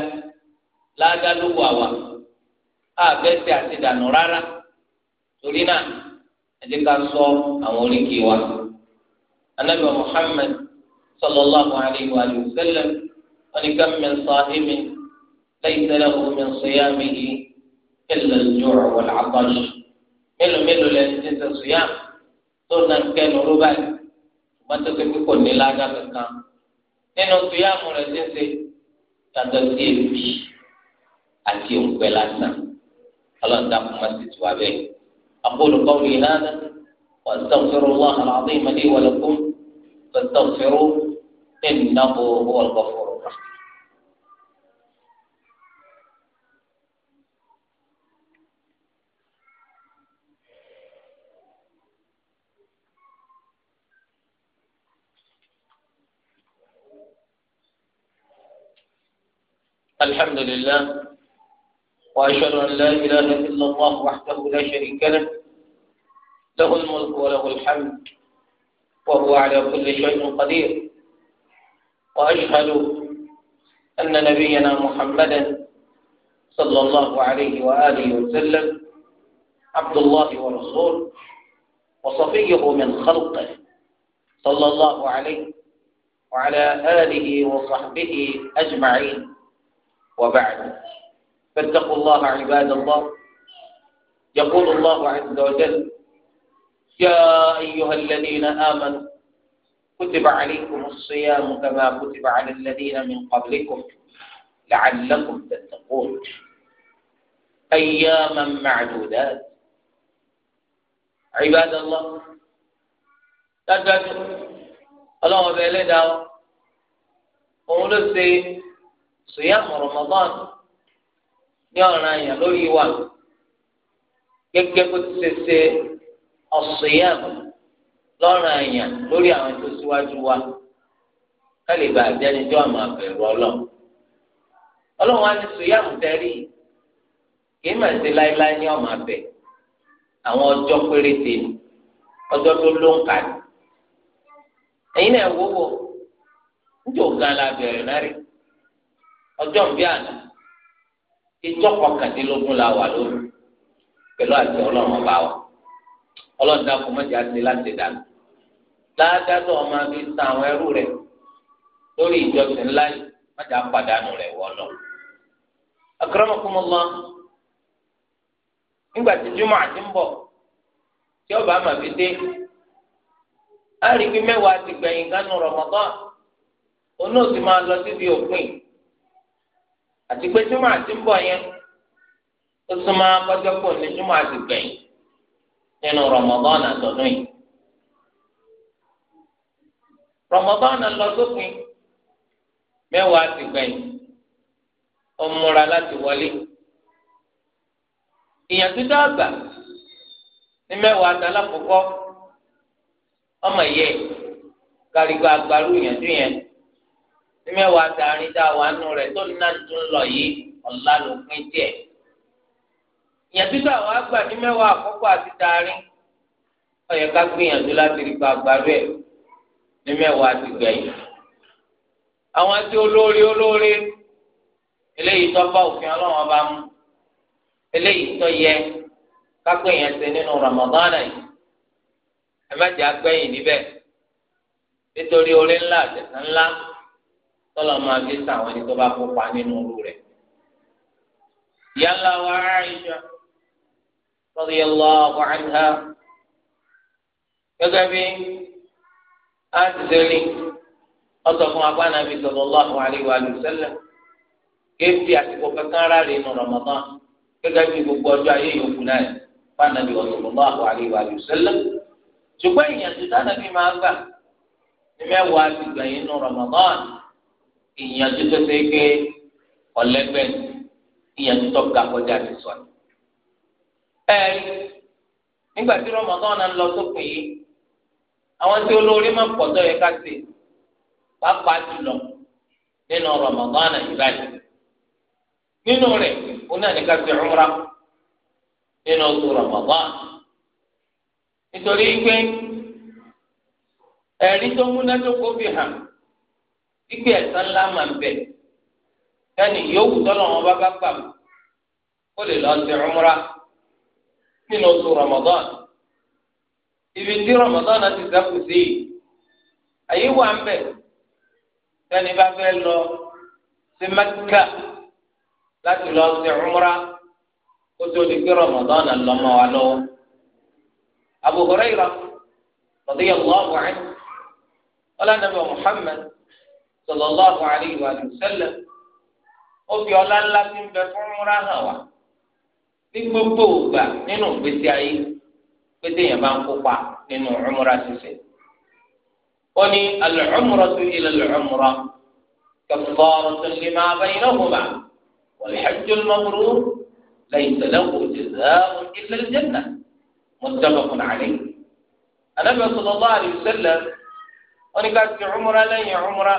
láàdá ló wà wá àbẹ́sẹ̀ àti dànù rárá torí náà ẹ̀jẹ̀ ká sọ àwọn oríkì wa anabi muhammed sallallahu alayhi wa sallam wọn kà min sahimin laysa lahu min siyamihi illa al-ju' wal-'atash mélòó mélòó lẹni tí ń sọ tó nà kẹnu rúbáyì wọn tó ti ní láàdá kankan nínú siyamu rẹ̀ ti ń sè é yàtọ̀ sí èbí àti òǹgbẹ lásán ọlọ́run dá fún mọ́sí tiwa bẹ́ẹ̀. أقول قولي هذا وأستغفر الله العظيم لي ولكم فاستغفروه إنه هو الغفور الرحيم الحمد لله وأشهد أن لا إله إلا الله وحده لا شريك له له الملك وله الحمد وهو على كل شيء قدير وأشهد أن نبينا محمدا صلى الله عليه وآله وسلم عبد الله ورسوله وصفيه من خلقه صلى الله عليه وعلى آله وصحبه أجمعين وبعد فاتقوا الله عباد الله يقول الله عز وجل يا أيها الذين آمنوا كتب عليكم الصيام كما كتب على الذين من قبلكم لعلكم تتقون أياما معدودات عباد الله dájúdájú الله ọbẹ̀ ẹlẹ́dàá òun siyam Ramadan ní ọ̀ràn àyàn lórí wa gẹ́gẹ́ bó ti ṣe ṣe as-siyam lọ́ràn àyàn lórí àwọn tó síwájú wa kálí bá àmọ́ àbẹ̀rù ọlọ́run ọlọ́run á ní kì í ṣe láéláé ní ọmọ abẹ àwọn ọjọ́ péréte ọjọ́ tó ló ń kà ẹ̀yin náà ọjọ́ ìbí àná ìjọ kọkàndínlógún la wà lónìí pẹ̀lú àti ọlọ́run ọba wa ọlọ́run dákun mọ́jà ti láti dànù ládàtọ̀ ọmọ bí san àwọn ẹrú rẹ lórí ìjọsìn ńlá yìí mọ́jà pàdánù rẹ̀ wọ lọ. nígbà tí àti ń tí ọba àmà fi dé á rí i pé ti onóòtú máa lọ síbi òpin. àti pé júmọ̀ àti ń bọ̀ yẹn ó súnmọ́ kọjọ́ pò ní júmọ̀ àti gbẹ̀yìn nínú rọmọdọ́nà tọdún yìí rọmọdọ́nà lọ sópin mẹ́wàá ti gbẹ̀yìn ó múra láti wọlé ìyàtú dáàbà ní mẹ́wàá ọmọ ní mẹ́wàá tààrin tá a wà nù rẹ̀ tó ní náà tún lọ yìí ọ̀la ló pín díẹ̀. ìyàtú tá àwọn àgbà ní mẹ́wàá àkọ́kọ́ àti tààrin ó yẹ ká gbìyànjú láti rí pa àgbàdo ẹ̀ ní mẹ́wàá ti gbẹ̀yìn. àwọn tí olóore olóore eléyìí tó òfin ọlọ́run ọba mú eléyìí tó yẹ kápẹ́ yẹn ṣe nínú Ramadana yìí ẹ má jẹ́ agbẹ́yìn níbẹ̀ nítorí oore ńlá àtẹ̀sán ńlá tọ́lọ̀ máa fi sàwọn ẹni tó bá kópa nínú òru rẹ̀. yálà wa Aisha radiyallahu anha gẹ́gẹ́ bí a ti sẹ́ni ọ̀sọ̀ fún agbánabi sallallahu alaihi wa sallam kéèfì àsìkò kankan rárẹ̀ nù Ramadan gẹ́gẹ́ bí gbogbo ọjọ́ ayé yòókù náà fanabi sallallahu alaihi wa sallam ṣùgbọ́n ìyànjú tánàbí máa gbà ní mẹ́wàá ti gbẹ̀yìn nù Ramadan ìyànjú tó ṣe pé ọ̀lẹ́gbẹ́ ìyànjú tó ga kọjá ti sọ ni. ẹ nígbà tí Ramadan náà lọ sópin yìí àwọn tí olórí máa pọ̀ tó yẹ ká ṣe pàápàá jùlọ nínú Ramadan náà yìí báyìí nínú rẹ̀ ó náà ní ká ṣe umrah nínú oṣù Ramadan nítorí pé ẹ̀rí tó múnádókó fi hàn ikpe ẹ̀san ńlá máa ń bẹ yanni yòówù tọ́lọ̀ wọn bá bá gbà mọ́ ó lè lọ sí umra nínú oṣù Ramadan ibi tí Ramadan náà ti sẹ́kù sí i àyè wà ń bẹ yanni bá fẹ́ lọ sí Mẹ́kà láti lọ sí umra ó tó di pé Ramadan náà lọ́mọ wa lọ́wọ́ Abu Hurairah radiyallahu anhu wọ́n lánàá bẹ Muhammad sallallahu alaihi wa sallam ó fi ọlá ńlá tí ń bẹ fún múra hàn wá ní gbogbo ògbà nínú ìgbésí ayé pété yẹn bá ń kópa nínú umra ṣíṣe ó ní al-umratu ila al-umra kaffaratun lima baynahuma wal-hajju al-mabrur laysa lahu jazaa'un illa al-jannah muttafaqun alayh Ànábì sallallahu alaihi wa sallam ó ní ká ti umra lẹ́yìn umra.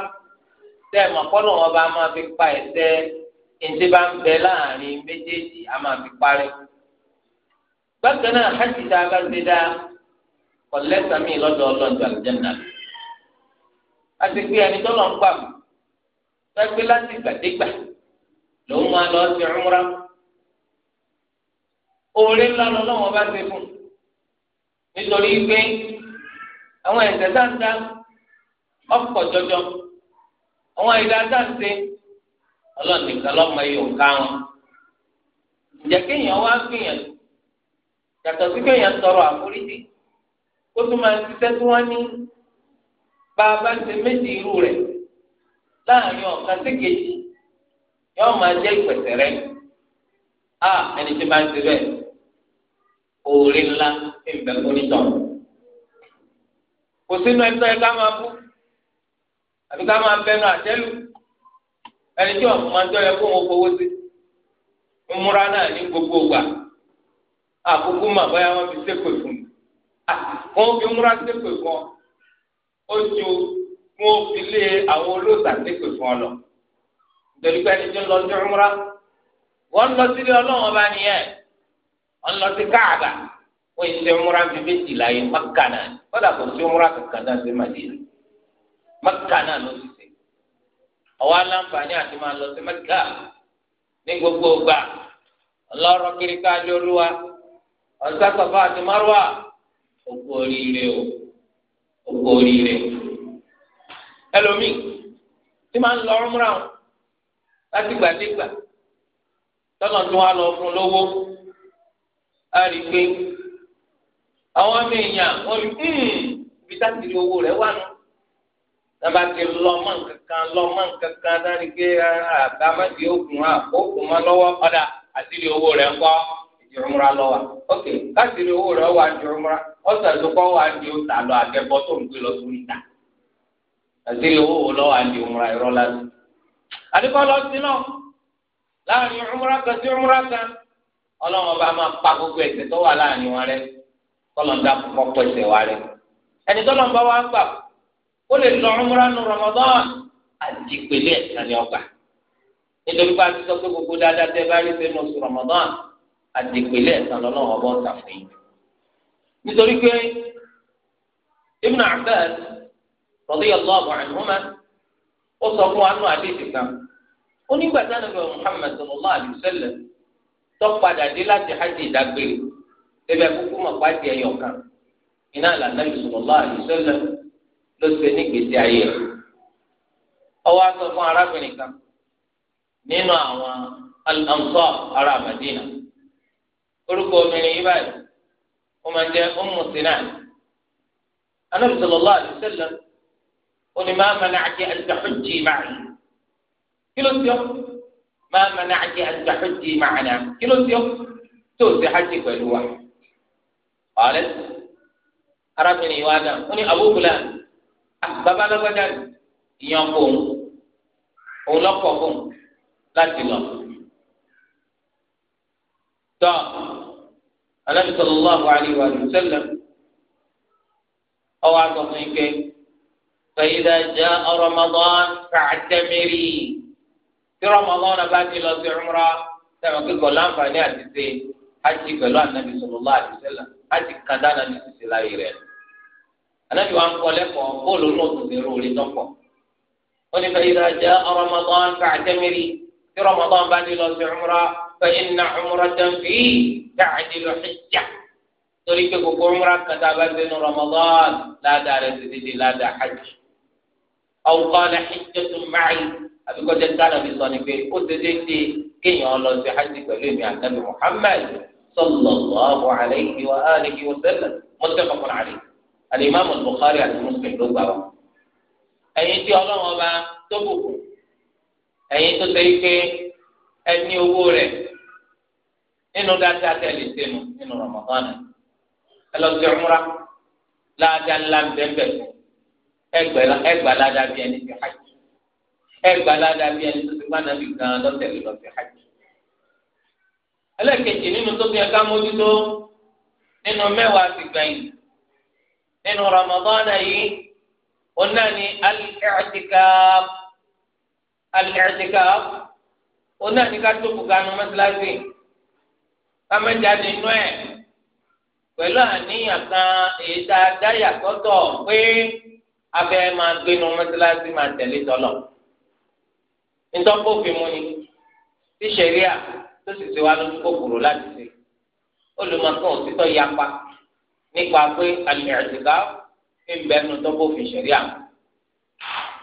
tẹ́ ẹ̀ mọ̀ kọ́nà wọn bá máa fi pa ẹ̀ṣẹ̀ ẹ̀ṣẹ̀ bá ń bẹ láàrin méjèèjì á máa fi parí. bákan náà hajj tá bá ṣe dá kọ̀lẹ́sà míì lọ́dọ̀ ọlọ́jọ́ àlùjẹ́nà. a ti pé ẹni tọ́lọ̀ ń pa mọ́ pẹ́pẹ́ láti gbàdégbà lòun máa lọ sí ọmúra. oore ńlá àwọn àìdáńdá ń ṣe ọlọ́ọ̀nì kan lọ́mọ yóò ká wọn. ǹjẹ́ kéèyàn wá gbìyànjú yàtọ̀ sí kéèyàn tọrọ àforíjì ó tún máa ń ṣiṣẹ́ tí wọ́n ní bá a bá ṣe méjì irú rẹ̀ láàrin ọ̀kan sí kejì yóò máa jẹ́ ìpẹ̀sẹ̀ rẹ̀ a ẹni tí bá ń ṣe bẹ́ẹ̀ oore ńlá ń bẹ fún nítọ̀ kò sínú ẹ̀tọ́ ẹ̀ máa bú àbí ká máa bẹnu àtẹ́lù ẹni tí wọn máa ń tọ́ yẹ kó wọn fowó sí múra náà ní gbogbo gbà àkókò mà bóyá wọn fi sépè fún mi wọn fi múra sépè fún ọ ó ju wọn fi lé àwọn olóòtà sépè fún ọ lọ nítorí pé ẹni tí ń lọ sí múra wọn lọ sílé ọlọ́wọ́n bá nìyẹn wọn lọ sí káàbà wọn ìṣe múra fi méjìlá yìí mọ́kànnà kódà kò sí múra kankan náà sí màdìrì mẹ́kà náà ló ti ṣe ọwọ́ aláǹfààní àti máa lọ sí mẹ́kà ní gbogbo ọgbà ọlọ́rọ̀ kiri ká lóluwa ọ̀sàkọ̀fà àti márùwà òkú oríire o òkú oríire o ẹlòmíì tí máa ń lọ ọmúra o láti gbàdégbà tọ́nà tó wà lọ fún lówó á rí i pé àwọn ọmọ èèyàn wọ́n rí hmm, ibi táàkiri owó rẹ̀ wà nù nàbà ti lọ́mọ nkankan lọ́mọ nkankan dání pé àbámadì ogun àkókùn mọ́ lọ́wọ́ padà àtìlẹ̀ owó rẹ̀ ńkọ́ ìjùmúra lọ́wọ́ ok kásìlẹ̀ owó rẹ̀ wà ìjùmúra ọ̀sán tó kọ́ wà ní òtà lọ àgẹ́bọ́ tó ń gbé lọ sórí ìta àtìlẹ̀ owó lọ́wọ́ àti ìjùmúra ìrọ́ lásìkò. àdìkọ́ lọ sí náà láàrin ìjùmúra kan sí ìjùmúra kan ọlọ́run ọba máa pa gbogbo ẹ̀ṣẹ̀ tó wà láàrin wọn rẹ kọ́lọ́ńdà kọ́kọ́ ẹ̀ṣẹ̀ wa ó lè lọ ọmúra nu Ramadan àdìpẹlẹ ẹsàn ni ọgbà nítorí pé a ti sọ pé gbogbo dáadáa tẹ bá rí pé nù Ramadan àdìpẹlẹ ẹsàn lọ náà ọbọ ńta fún yín nítorí pé Ibn Abbas radiyallahu anhuma ó sọ fún wa nù àdéhùn kan ó nígbà tí a nàbẹ Muhammad sallallahu alaihi wasallam tó padà dé láti hajj ìdágbére kúkú pàdé kan iná ló ṣe nígbèsí ayé rẹ ọwọ́ aṣọ fún arábìnrin kan nínú àwọn al-Ansar ará Madina orúkọ obìnrin yìí báyìí wọ́n máa ń jẹ́ Ummu Sinan Anabi sallallahu alaihi wasallam oni ma mana'aki an tahujji ma'i kí ló ti ọ ma mana'aki an tahujji ma'ana kí tó ti hajj pẹ̀lú wa. ọ̀rẹ́ arábìnrin yìí wá náà wọ́n ní abúlé àná bàbá lọ́gbọ́dá ìyàn kò òun òun lọ́kọ̀ fún láti lọ. tọ́ Ànábì sallallahu alaihi wa sallam ọwọ́ àtọ̀fún ike fa'idha ja'a Ramadan fa'tamiri tí Ramadan bá ti lọ sí umra sẹ́wọ̀n kíkọ́ láǹfààní àti ṣe hajj pẹ̀lú Ànábì sallallahu alaihi wa kàdánà ní sísè láyé rẹ̀ anabi wa ń kọ́ lẹ́kọ̀ọ́ bóòlù náà tó fi rúurì tọ́pọ̀ ó ní fẹ́ẹ́ ìrajà Ramadan fàtẹ́mìrì tí Ramadan bá ní lọ sí umra fẹ́ẹ́ iná umra tẹ̀fì dáàdì lọ hijja torí pé gbogbo umra kàtà bá gbé ní Ramadan ládàá rẹ̀ ti di ládàá hajj aw qala hijjatun ma'i àbíkọ́jẹ́ tánà fi sọ ni pé ó ti dé ti kéèyàn lọ sí hajj pẹ̀lú èmi àtàbí Muhammad sallallahu alayhi wa alihi wa sallam muttafaqun alimami Bukhari àti Muslim ló gbà wá ẹ̀yin tí Ọlọ́run ọba tó bùkún ẹ̀yin tó ṣe ike ẹni owó rẹ̀ nínú dáadáa tẹ̀lé sínú nínú Ramadan ẹ lọ sí ọmúra láàdá ńlá bẹ́ẹ̀ ẹgbà láàdá bí ẹni ti hajj ẹgbà láàdá bí ẹni tó ti gbá nàbì gan lọ́tẹ̀lẹ̀ lọ́tẹ̀ hajj. ẹlẹ́kẹ̀jì nínú tó fi ẹ̀ka mójútó nínú mẹ́wàá ti gbẹ̀yìn nínú Ramadan yìí òun náà ni al-i'tikaf al-i'tikaf òun náà ni ká tó bùkánu mọ́tíláṣí ká má jáde nínú ẹ̀ pẹ̀lú àníyàn kan èyí tá a dá yàtọ̀tọ̀ pé abẹ́ máa gbénu mọ́tíláṣí máa tẹ̀lé tọ́lọ̀ ntọ́kọ̀ọ́fin mu ni tí sẹ̀ríà tó sì ti wá lójú láti ṣe olùmọ̀kan òtítọ́ yapa nípa pé alẹ́rìndínlá ń bẹnu tó bófin ṣẹ̀ríà.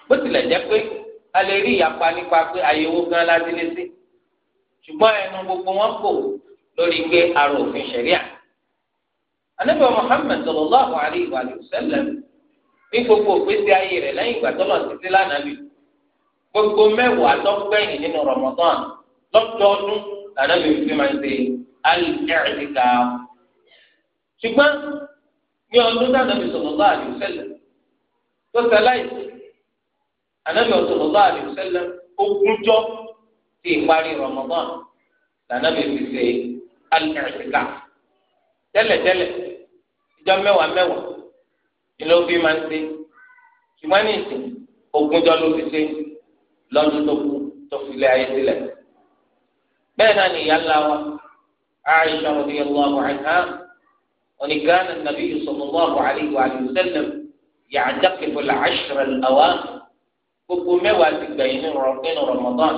bó tilẹ̀ jẹ́ pé a lè rí ìyapa nípa pé àyẹ̀wò gan la délé sí ṣùgbọ́n ẹnu gbogbo wọn kò lórí pé ara òfin ṣẹ̀ríà. anábẹ́ Muhammad sallallahu alayhi wa sallam ní gbogbo òpèsè ayé rẹ̀ lẹ́yìn ìgbà tó lọ títí lánàá bì gbogbo mẹ́wàá tó gbẹ̀yìn nínú Ramadan lọ́dọọdún lànà mi fi máa ń ṣe alẹ́rìndínlá ṣùgbọ́n ní ọdún tí anabi sallallahu alaihi wasallam tó sẹláì anabi sallallahu alaihi wasallam ogúnjọ́ ti ìparí Ramadan lànàbì fi ṣe al-i'tikaf tẹ́lẹ̀tẹ́lẹ̀ ìjọ mẹ́wàá mẹ́wàá ìlú òbí máa ń ṣe ṣùgbọ́n ní ìsìn ogúnjọ́ ló fi ṣe lọ́dún tó kù tó fi lé ayé sílẹ̀ bẹ́ẹ̀ náà ni ìyá ńlá wa Aisha radiyallahu anha. وإن كان النبي صلى الله عليه وآله وسلم يعتكف العشر الأواخر gbogbo mẹ́wàá ti gbẹ̀yìn nínú Ramadan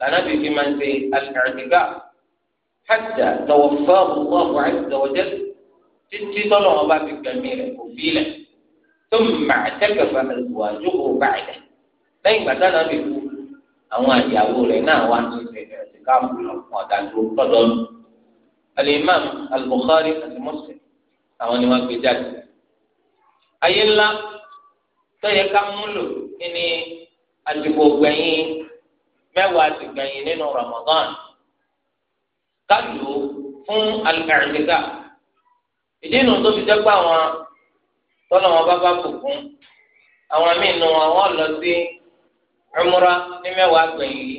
lànàbì fi máa ń ṣe al-i'tikaf hatta tawaffahu Allahu azza wa jalla títí tọ́lọ̀ ọba fi gbẹ̀mí rẹ̀ kò fi lẹ̀ thumma i'takafa azwajuhu ba'dahu lẹ́yìn gbàtà nàbì kú àwọn àyàwó rẹ̀ náà wà ní ìfẹ̀fẹ̀ àti káàmù lọ́kùn ọ̀dà tó tọ́jọ́ al-Imam al-Bukhari àti Muslim àwọn ni wọ́n gbé jáde. ayé ńlá tẹ́yẹ ká múlò ní àdìbò gbẹ̀yìn mẹ́wàá ti gbẹ̀yìn nínú Ramadan ká lò ó fún alùpàrẹ̀dẹ́gà ìdí inú tó fi dẹ́gbà wọn tọ́lọ̀ wọn bá bá kù fún àwọn míì nù wọn wọ́n lọ sí umra ní mẹ́wàá gbẹ̀yìn yìí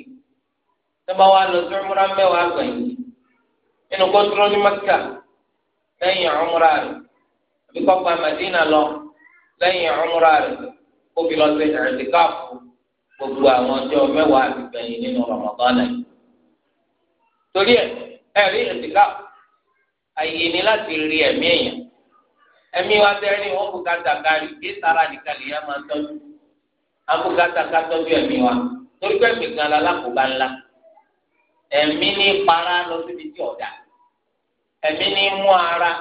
tó bá lọ sí umra mẹ́wàá gbẹ̀yìn yìí nínú kó dúró ní Mẹ́kà lẹ́yìn ọmúra rẹ̀ àbí kó gba Madina lọ lẹ́yìn ọmúra rẹ̀ kó fi lọ sí ẹ̀ẹ́dìkáàfù gbogbo àwọn ọjọ́ mẹ́wàá àti gbẹ̀yìn nínú Ramadan náà. torí ẹ ẹ̀rí ẹ̀ẹ́dìkáàfù àyè ni láti rí ẹ̀mí èèyàn ẹ̀mí wa bẹ́ẹ̀ ni wọ́n kó kàtàkà rí kí sára nìkan lè yá máa tọ́jú abúgata ká tọ́jú ẹ̀mí wa torí pé ẹ̀mí gan la lákòóbá ńlá ẹ̀mí ní para lọ síbi tí ọ̀dà ẹ̀mí ní mú ara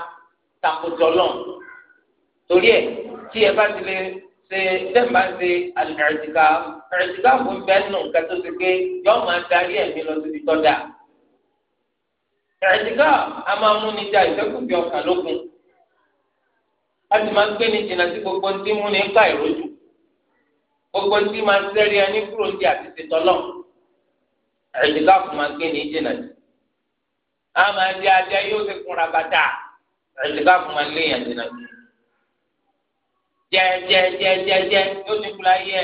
takùtọ̀ lọ́n torí ẹ̀ tí ẹ bá ti lè ṣe dẹ́nba ṣe àlùkàrìtìkà àlùkàrìtìkà fún bẹ́ẹ̀ nù kẹtó ti pé yọ máa darí ẹ̀mí lọ síbi tọ́jà àlùkàrìtìkà a máa mú ní ja ìfẹ́kùnfẹ́ ọkàn lókun a sì máa gbé ní jìnnà sí gbogbo tí mú ní ká ìrójú gbogbo tí máa ń sẹ́rí ẹni kúrò ní àti ṣètọ́lọ́ àlùkàrìtìkà fún máa gbé ní jìnnà sí àmà ẹdí ajá yóò ti kúnra bàtà ẹdìgá fún ma lé yẹn dènà jẹjẹjẹjẹjẹ yóò ti kúra yẹ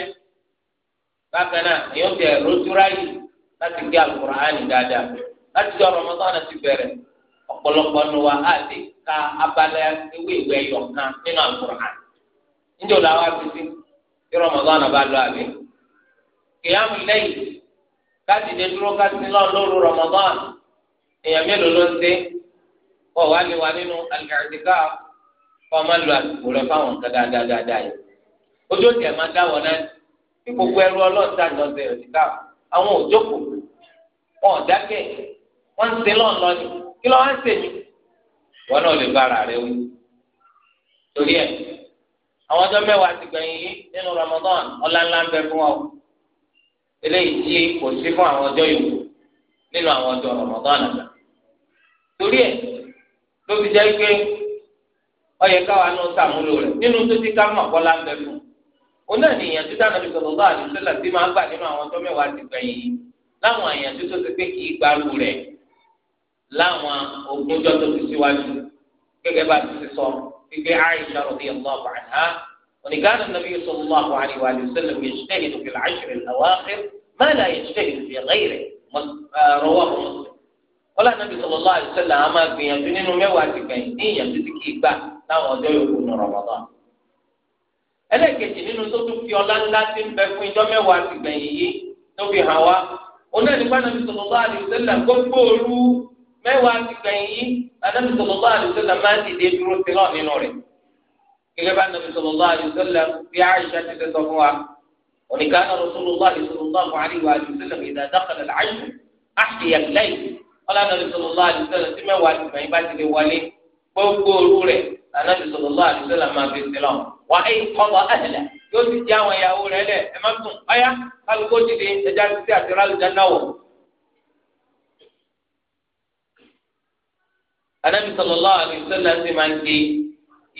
bákan náà yóò tẹ rotura yìí láti gbé Al-Kùránì dáadáa láti jọ Ramadan náà ti bẹ̀rẹ̀ ọ̀pọ̀lọpọ̀ nu wa á lè ka abala ewé ìwé ẹyọ kan nínú Al-Kùránì níjọ làwọn afisi tí Ramadan náà bá lọ àbí kìyàmù lẹ́yìn káàdì dé dúró káàdì lọ lóru Ramadan èèyàn mélòó ló ń dé kọ́ wá lè wà nínú àlùkàtìkà kọ́ máa lo àsìkò rẹ fáwọn nǹkan dáadáa yìí ojú tiẹ̀ máa dáwọ̀ náà bí gbogbo ẹrú ọlọ́ọ̀ta ni ọ̀sẹ̀ ìrìkà àwọn òjókòó wọn ò dákẹ́ wọn ń ṣe lọ́ọ̀lọ́ ni kí ló ń ṣe mí wọn náà lè bára rẹ wí torí ẹ àwọn ọjọ́ mẹ́wàá ti gbẹ̀yìn yìí nínú Ramadan ọláńlá ń bẹ fún wa o eléyìí tí kò sí fún àwọn ọjọ́ yòókù nínú àwọn ọjọ́ Ramadan àgbà torí ẹ̀ ló fi jẹ́ pé ọyẹ káwa náà sàmúlò rẹ̀ nínú tó ti ká mọ̀ kọ́lá ń bẹ fún un náà ní ìyànjú táwọn ọmọ ìṣòro bá àdúgbò sọlá tí máa ń gbà nínú àwọn tó mẹ́wàá ti gbẹ̀yìn yìí láwọn ìyànjú tó ti pé kì í gbarú rẹ̀ láwọn ogúnjọ́ tó ti síwájú gẹ́gẹ́ bá ti ti sọ gbígbé Aisha radiyallahu anha oníkàánù nàbí sallallahu alaihi wa sallam yajtahidu fil ọlọ́run nàbì sallallahu alaihi wasallam a máa gbìyànjú nínú mẹ́wàá ti gbẹ̀yìn ní ìyànjú tí kì í gbà láwọn ọjọ́ yòókù nù Ramadan. ẹlẹ́ẹ̀kejì nínú tó tún fi ọlá ńlá ti ń bẹ fún ìjọ mẹ́wàá ti gbẹ̀yìn yìí tó fi hàn wá oní ẹ̀dínwá nàbì sallallahu alaihi wasallam gbogbo òru mẹ́wàá ti gbẹ̀yìn yìí nàbì sallallahu alaihi wasallam máa ń dìde dúró sí náà nínú ọlànà bisalòlá àdìsẹlẹ tí mẹwàá àdìsẹlẹ yìí bá ti lè wọlé gbogbo òru rẹ̀ lànà bisalòlá àdìsẹlẹ máa fi sílọ wà á kọlọ ẹlẹ yóò ti jẹ àwọn ìyàwó rẹ̀ lẹ ẹ má sùn ọyá kálukó dìde ẹjá títí àti rálùjá náà wọ. anabi sọlọlọ àdìsẹlẹ ti máa ń di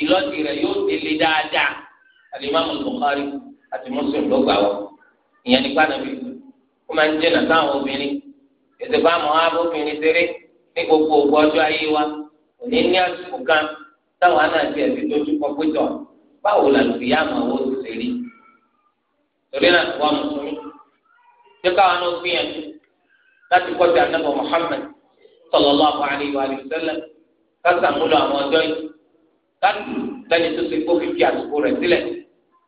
ìlọsí rẹ̀ yóò délé dáadáa alimami Bukhari àti Muslim ló gbà wọ ìyẹn nípa anabi ó máa ń ìdìbò àmọ́ abófinrin ṣeré ní gbogbo ògbó ọjọ́ ayé wa òní ní àsìkò kan táwọn náà ti ẹ̀sìn tó tún kọ pé tọ̀ báwo la lùbí yá àmọ́ owó ti rí torí náà wọ́n mùsùlùmí ṣé káwọn náà gbìyànjú láti kọ́ sí anábọ̀ Muhammad sallallahu alaihi wa sallam kásàmúlò àwọn ọjọ́ yìí láti lẹ́ni tó ti kó fífi àsìkò rẹ̀ sílẹ̀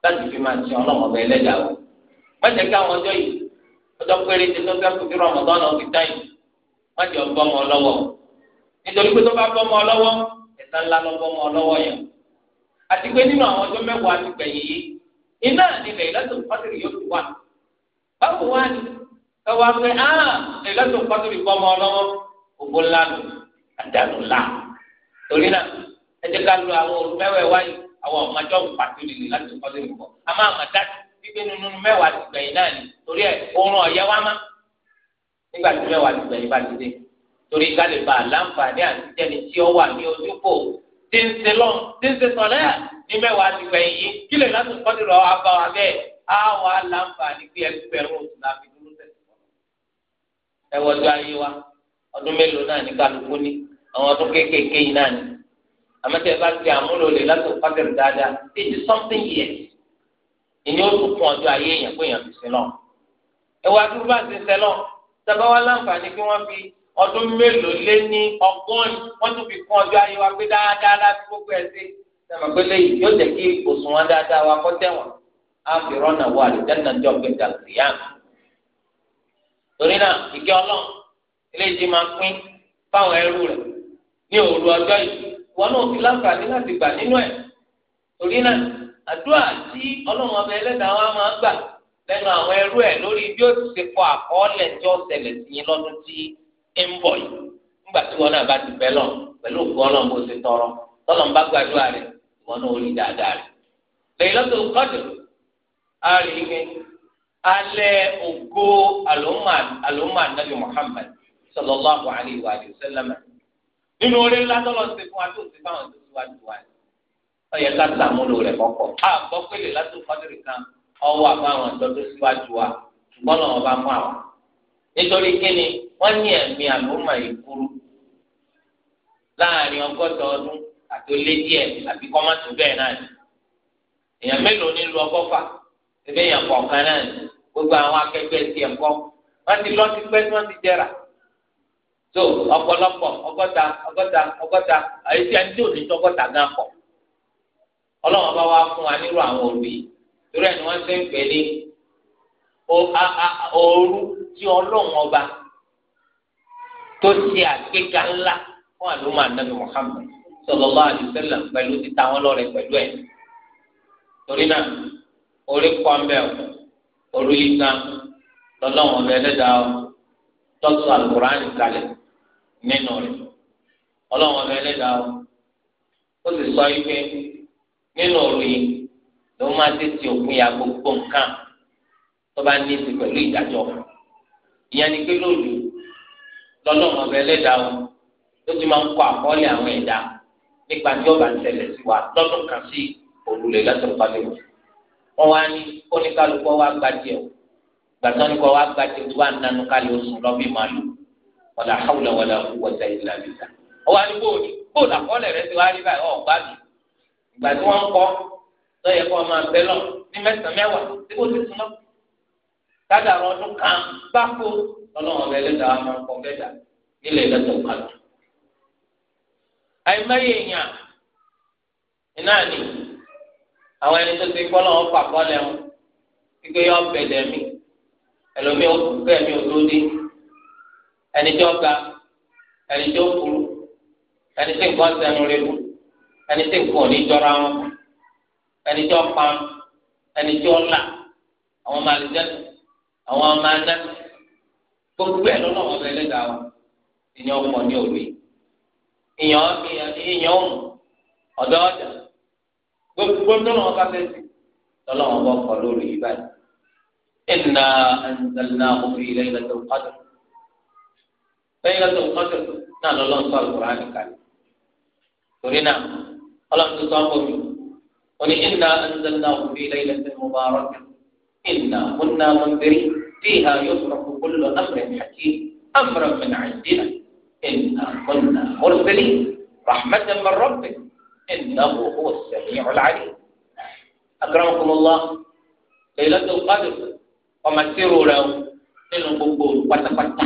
láti fi máa ti ọlọ́mọbẹ ẹlẹ́dàá o mẹ́tẹ̀ẹ́ká ọjọ́ péréte tó fẹ́ kùtì rọmọdán náà ti tán yìí má jẹ́ ọgbọ́n mọ́ lọ́wọ́ nítorí pé tó bá bọ́ mọ́ lọ́wọ́ ẹ̀san ńlá ló bọ́ mọ́ lọ́wọ́ yẹn àti pé nínú àwọn ọjọ́ mẹ́wàá ti gbẹ̀yìn yìí iná nílẹ̀ ìlẹ́sìn pátìrì yóò ti wà báwo wá ní ẹ wá pé á ìlẹ́sìn pátìrì bọ́ mọ́ lọ́wọ́ ògbó ńlá nù àdàlù ńlá torí náà ẹ jẹ́ ká lu àwọn olùmẹ́wẹ̀ẹ́ wáyé àwọn ọmọdé ọ̀hún pàtó gbígbé nínú mẹ́wàá ti gbẹ̀yìn náà ni torí ẹ̀ oorun ọ̀yẹ́ wá má nígbà tí mẹ́wàá ti gbẹ̀yìn bá ti dé torí kálíbà láǹfààní àtijẹ́ni tí ó wà ní ojúbò tí ń ṣe lọ́n tí ń ṣe sọ̀lẹ́ ní mẹ́wàá ti gbẹ̀yìn yìí kí lè láti kọ́ni lọ abá wa bẹ́ẹ̀ á wà láǹfààní pé ẹgbẹ̀rún oṣù láfi dúró tẹ̀sí ẹ wọ́jọ́ ayé wa ọdún mélòó náà ní kálukú ní àwọn ọdún kéékèèké yìí náà ní àmọ́tẹ́ bá ti àmúlò lè láti kọ́ni dáadáa something here ìní ó tún kún ọjọ́ ayé èèyàn pé èèyàn fi sin lọ. ẹwà tó bá ti sẹ lọ sábà wá láǹfààní kí wọ́n fi ọdún mélòó lé ní ọgọ́rin wọ́n tún fi kún ọjọ́ ayé wa pé dáadáa láti gbogbo ẹ̀ sí. sábà pé lẹ́yìn yóò jẹ́ kí òṣùwọ̀n dáadáa wa kọ́ tẹ̀wọ̀n á fi rọ́nà wọ àlùjáná jọ gbẹ̀dà lùyàn. torí náà ìkẹ́ ọlọ́run eléyìí máa pín fáwọn ẹrú rẹ̀ ní òru ọjọ́ yìí wọn náà fi láǹfààní láti gbà nínú ẹ̀ torí náà àdúrà tí ọlọ́run ọba ẹlẹ́dàá wa máa gbà lẹ́nu àwọn ẹrú ẹ̀ lórí bí ó ti ṣe kọ àkọọ́lẹ̀ tí ó ṣẹlẹ̀ sí yín lọ́dún tí ń bọ̀ yìí nígbà tí wọn náà bá ti bẹ́ lọ pẹ̀lú òkú ọlọ́run bó ṣe tọrọ tọ́lọ́run bá gbàdúrà rẹ̀ wọn náà ó rí dáadáa rẹ̀. lẹ́yìn kọ́dù alẹ́ ògo wa sallam nínú orí ńlá tọ́lọ́ ọyẹ ká sàmúlò rẹ̀ kọ́kọ́ a gbọ́ pélé látò kọdìrì kan ọwọ́ àbáwọn ọjọ́ tó síwájú wa ṣùgbọ́n làwọn bá mú àwọn nítorí kíni wọ́n ní ẹ̀mí àlùmọ ìkúrú láàrin ọgọ́ta ọdún àti olé díẹ̀ àbí kọmọtò bẹ́ẹ̀ náà ni èèyàn mélòó ní lu ọgọ́fà ebe èèyàn kọ̀ọ̀kan náà ni gbogbo àwọn akẹgbẹ́ tiẹ̀ kọ wọ́n ti lọ sí pẹ tí wọ́n ti jẹrà tó ọ̀pọ̀lọpọ̀ ọgọ́ta ọgọ́ta ọgọ́ta àyè tí a ń tí ò ní tó ọgọ́ta gan pọ̀ ọlọ́run bá wá fún wa nírú àwọn òru yìí torí ẹni wọ́n ti ń pè ní òru tí ọlọ́run ọba tó ṣe àgbéga ńlá fún àlùmọ́ ànábì Muhammad sallallahu alaihi wasallam pẹ̀lú títa wọn lọ́rẹ pẹ̀lú ẹ̀ torí náà orí pọ́ńbẹ́ òru yìí gan lọ́lọ́run ọba ẹlẹ́dàá tọ́tù àlùkùránì kalẹ̀ nínú rẹ̀ ọlọ́run ọba ẹlẹ́dàá ó sì sọ yìí nínú òru yìí ló máa tètè òkun ya gbogbo nǹkan tó bá ní ti pẹ̀lú ìdájọ́ ìyẹn ni pé lóòlù lọ́lọ́mọ bẹ lẹ́dàá o ló ti máa ń kọ àwọn nípa tí ọba ń ṣẹlẹ̀ sí wa kan sí òrùlé pàdé wá ní kóníkálukọ́ wá gbajẹ o tí wàá nanú kálí oṣù ọwọ́ àdúgbò ni rẹ ti ìgbà tí wọ́n ń kọ́ lọ́yẹ̀ kọ́ máa bẹ́ lọ ní mẹ́sàn-án mẹ́wàá tí kò sì súnmọ́. kájà àwọn ọdún kan gbáko ọlọ́run ọ̀bẹ ẹlẹ́dàá máa ń kọ́ bẹ́ẹ̀dà nílẹ̀ ẹlẹ́dàá òkàdù. àìmọye èèyàn iná ni àwọn ẹni tó ti kọ́ lọ́wọ́ pàpọ́ lẹ́wọ̀n gbígbé yọ bẹ̀dẹ̀ mi ẹlòmí bẹ́ẹ̀ mi ò tó dé ẹni tó ga ẹni tó kúrú ẹni tó nǹkan sẹ́nu rẹ̀ lù ẹni tí nǹkan ò ní jọra wọn ẹni tí ó pa ẹni tí ó là àwọn ọmọ àlejò àwọn ọmọ aná gbogbo ẹ lọ́nà wọn bẹ lẹ́dàá wọn ìyẹn ọmọ ní òwe ìyẹn ọmọ ìyẹn ọmọ ọdọ ọjà gbogbo lọ́nà wọn bá sí lọ́nà wọn bọ́ lórí ìbáyìí inna anzalnahu fi laylatil qadr laylatil qadr náà lọ́nà sọ̀rọ̀ kúránì kalẹ̀ torí ألم تصابهم قل إنا أنزلناه في ليلة مباركة إنا كنا منذرين فيها يصرف كل أمر حكيم أمرا من عندنا إنا كنا مرسلين رحمة من ربك إنه هو السميع العليم أكرمكم الله ليلة القدر ومسروا له إن القبور وتفتح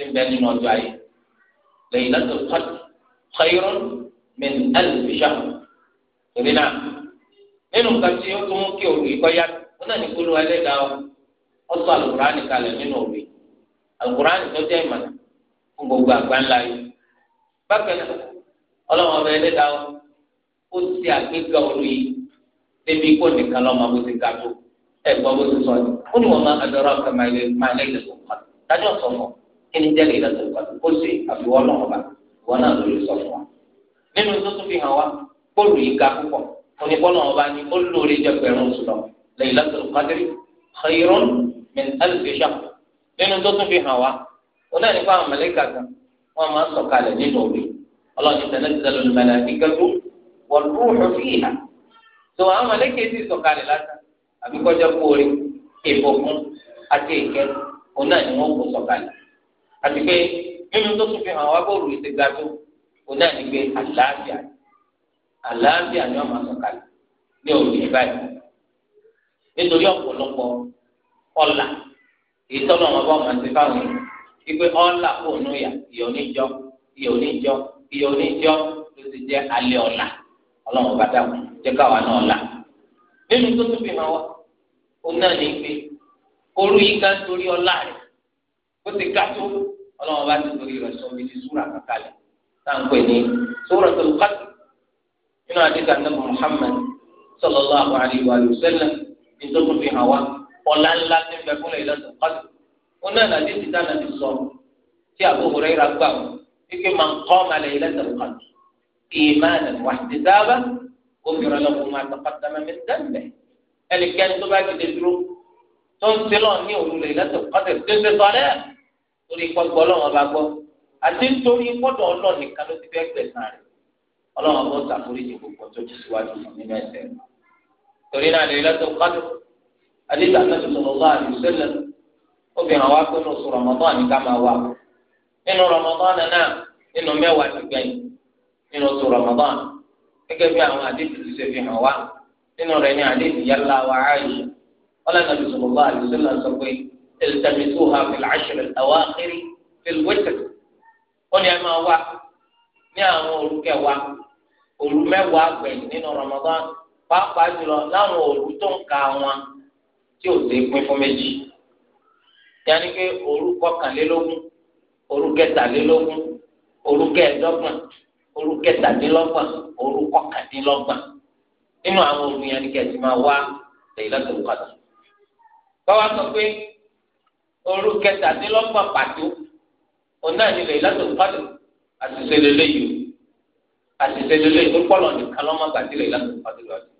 من بين نوجعين ليلة القدر خير من ألف شهر torí náà nínú nǹkan tí ó tún mú kí òwe kọ́ yá ó náà ní kúlú ẹlẹ́dàá ọ ọ sọ àlùkùránì kalẹ̀ nínú òwe àlùkùránì tó jẹ́ ìmọ̀nà fún gbogbo yìí bákan náà ọba ẹlẹ́dàá ó ti débi kó nìkan lọ́mọ bó ti ga tó ẹ gbọ́ bó ti sọ ó ní wọn máa kóòlù yìí ga púpọ̀ onígbọ́nà ọba ni ó lóore jẹgbẹ̀rún oṣù lọ Laylatul Qadri khayrun min alfi shahr nínú tó tún fi hàn wá oní ẹnìkan àwọn mẹlẹ́kà kan wọ́n máa ń sọ̀kalẹ̀ nínú òwe ọlọ́ọ̀ni tanazzalul malā'ikatu wal rūḥu fīhā tó àwọn mẹlẹ́kà ti sọ̀kalẹ̀ lásán àbíkọ́jọ́ kóore ìbùkún àti ìkẹ́ oní ẹni wọn kò sọ̀kalẹ̀ àti pé nínú tó tún fi hàn wá bóòlù ìsìgbà tó oní ẹni pé àlàáfíà àlàáfíà ni wọn máa sọ̀kalẹ̀ ní òru yìí báyìí nítorí ọ̀pọ̀lọpọ̀ ọlà ìtọ́nà wọn bá wọn ti fáwọn yìí wípé ọlà kò nù yà ìyà oníjọ ìyà oníjọ ìyà oníjọ ló ti jẹ alẹ́ ọlà Ọlọ́run bá dàgbà jẹ káwa náà là nínú tó tún fi hàn wá òun náà ní pé òru yìí ká torí ọlà rẹ̀ ó ti ká tó Ọlọ́run bá ti torí rẹ̀ sọ mi ti súra kankalẹ̀ táwọn pè ní súra tó kásìkò nínú àdìsá nàbù Muhammad sallallahu alayhi wa sallam nítorí fi hàn wá ọ̀la ńlá ti ń bẹ fún ilé tó kọ́tù wọn náà nàdí ti dáná ti sọ tí Abu Hurayra gbà wọn kíkẹ́ máa ń kọ́ ọmọ alẹ́ ilé tó kọ́tù ìmáàlẹ̀ wà ti dábà gómìnà lọ́kùn máa tọ́kọ́tà mẹ́mí dẹ́mbẹ̀ ẹnikẹ́ni tó bá kéde dúró tó ń tilọ̀ ní òrùlé ilé tó kọ́tù tó ń tẹ torí kpɔgbɔ lọ́wọ́ bá gbọ́ àti nítorí gbọ́dọ̀ ọlọ́ọ̀ nìkan ló ti fẹ́ gbẹ̀sán rẹ̀ ọlọ́run bó sàkóríjì gbogbo tó ti síwájú nínú ẹsẹ̀ torí náà lè lọ́tọ̀ kádùn adéjà náà tuntun lọ́wọ́ àdìsẹ́lẹ̀ obìnrin wa pé ní oṣù rọmọdán ní ká máa wà nínú rọmọdán náà nínú mẹ́wàá ti gbẹ̀yìn nínú oṣù rọmọdán gẹ́gẹ́ bí àwọn àdéjì ti ṣe fi hàn wá nínú rẹ̀ ní àdéjì yálà wà áyì ọlọ́run tuntun lọ́wọ́ àdìsẹ́lẹ̀ sọ pé ìlítàmísùhà fìlàṣẹ̀rẹ̀ àwọn àkérè fìlwẹ́tẹ̀ òru mẹ́wàá gbẹ̀yìn nínú Ramadan pàápàá jùlọ láwọn òru tó ń ka wọn tí ò sí pín fún méjì yanni pé òru kọkànlélógún òru kẹtàlélógún òru kẹẹ̀dọ́gbọ̀n òru kẹtàdínlọ́gbọ̀n òru kọkàndínlọ́gbọ̀n nínú àwọn òru yanni kẹsì máa wá Laylatul Qadr báwa sọ pé òru kẹtàdínlọ́gbọ̀n pàtó òun náà ni Laylatul Qadr àti sẹlẹ lẹ́yìn o àṣìṣe lélẹ̀ tó pọ̀ lọ́nà kan lọ́mọ gbàdúrà ìlànà ìfàdúrà jù.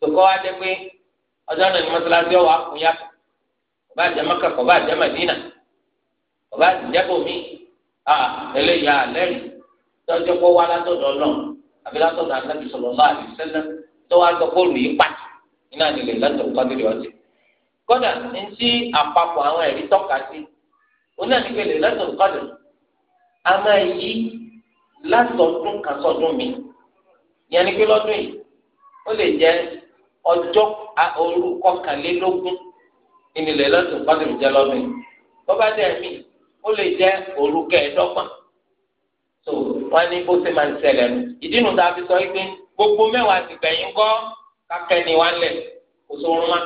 Sọ̀kọ́ wa jẹ́ pé ọjọ́ náà ni mọ́sálásí ọ̀wọ́ àkúnya ọba àjẹmọ́kà kọ̀ọ̀bá àjẹmọ́dínà ọba àjẹbọ̀mí à ẹlẹ́yà lẹ́rìí tọ́jọ́ pọ̀ wá látọ̀dọ̀ náà àbí látọ̀dọ̀ àtàkì sọ̀rọ̀ náà àbí sẹ́lẹ̀ tó wá sọ fóònù yìí pàtì iná nílẹ̀ ìlànà ìfàdúrà jù. kọ́dà ní ti àpapọ̀ àwọn ẹ̀rí tọ́ka sí onáà lásọdún kan sọdún mi yẹn ni pé lọ́dún yìí ó lè jẹ́ ọjọ́ òru kọkànlélógún ìnìlẹ̀ lọ́dún pàtàkì jẹ́ lọ́dún yìí bó bá dẹ̀ mí ó lè jẹ́ òru kẹẹ̀ẹ́dọ́gbọ̀n tó wọ́n ní bó ṣe máa ń ṣẹlẹ̀ nù ìdí nu tá a fi sọ yìí pé gbogbo mẹ́wàá ti gbẹ̀yìn kọ́ kakẹ́ ni wà lẹ̀ kó sórun wá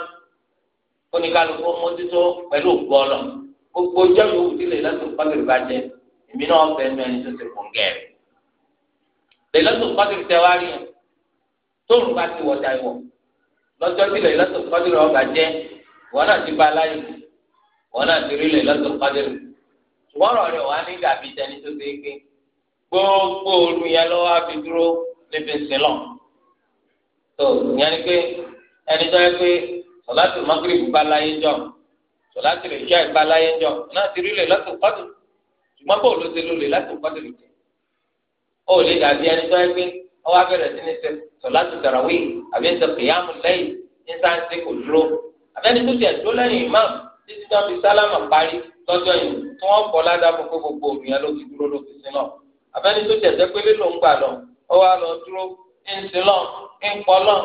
ó ní kálukú mójútó pẹ̀lú òkú ọlọ gbogbo ọjọ́ yòówù sílẹ̀ lọ́dún pàtàkì bá jẹ èmi náà fẹ́ ẹni tó ti kùn gẹ̀ẹ́ Lailatul Qadr tẹwárí yẹn tóun bá ti wọjà ìwọ lọ́jọ́ tí Lailatul Qadr ọba jẹ wọn náà ti bá láyé wọn náà ti rí Lailatul Qadr ṣùgbọ́n ọ̀rọ̀ rẹ̀ wá ní dàbí jẹni tó ṣe é gbé gbogbo olú yẹn lọ́wọ́ á fi dúró níbi sílọ̀ tó yẹn ni pé ẹni tó yẹ pé sọláàtì magrib bá láyé jọ sọláàtì lè ṣe àìbá láyé jọ náà ti rí lè lọ́tò kọ́tù ṣùgbọ́n ó lè dàbí ẹni tó ń gbé ọwọ́ abẹ́rẹ́ sí ní sọ̀láṣù tàràwí àbí ẹsẹ̀ kìyàmù lẹ́yìn ní sáńsì kò dúró àbẹ́ni tó tiẹ̀ dúró lẹ́yìn imam títí tí wọ́n fi sálámà parí lọ́jọ́ yìí tí wọ́n kọ́ ládàá fún gbogbo òmìnira ló fi dúró ló fi sin lọ àbẹ́ni tó tiẹ̀ dẹ́pẹ́lẹ́ ló ń gbà lọ ọwọ́ àlọ́ dúró ń sin ń pọ̀ lọ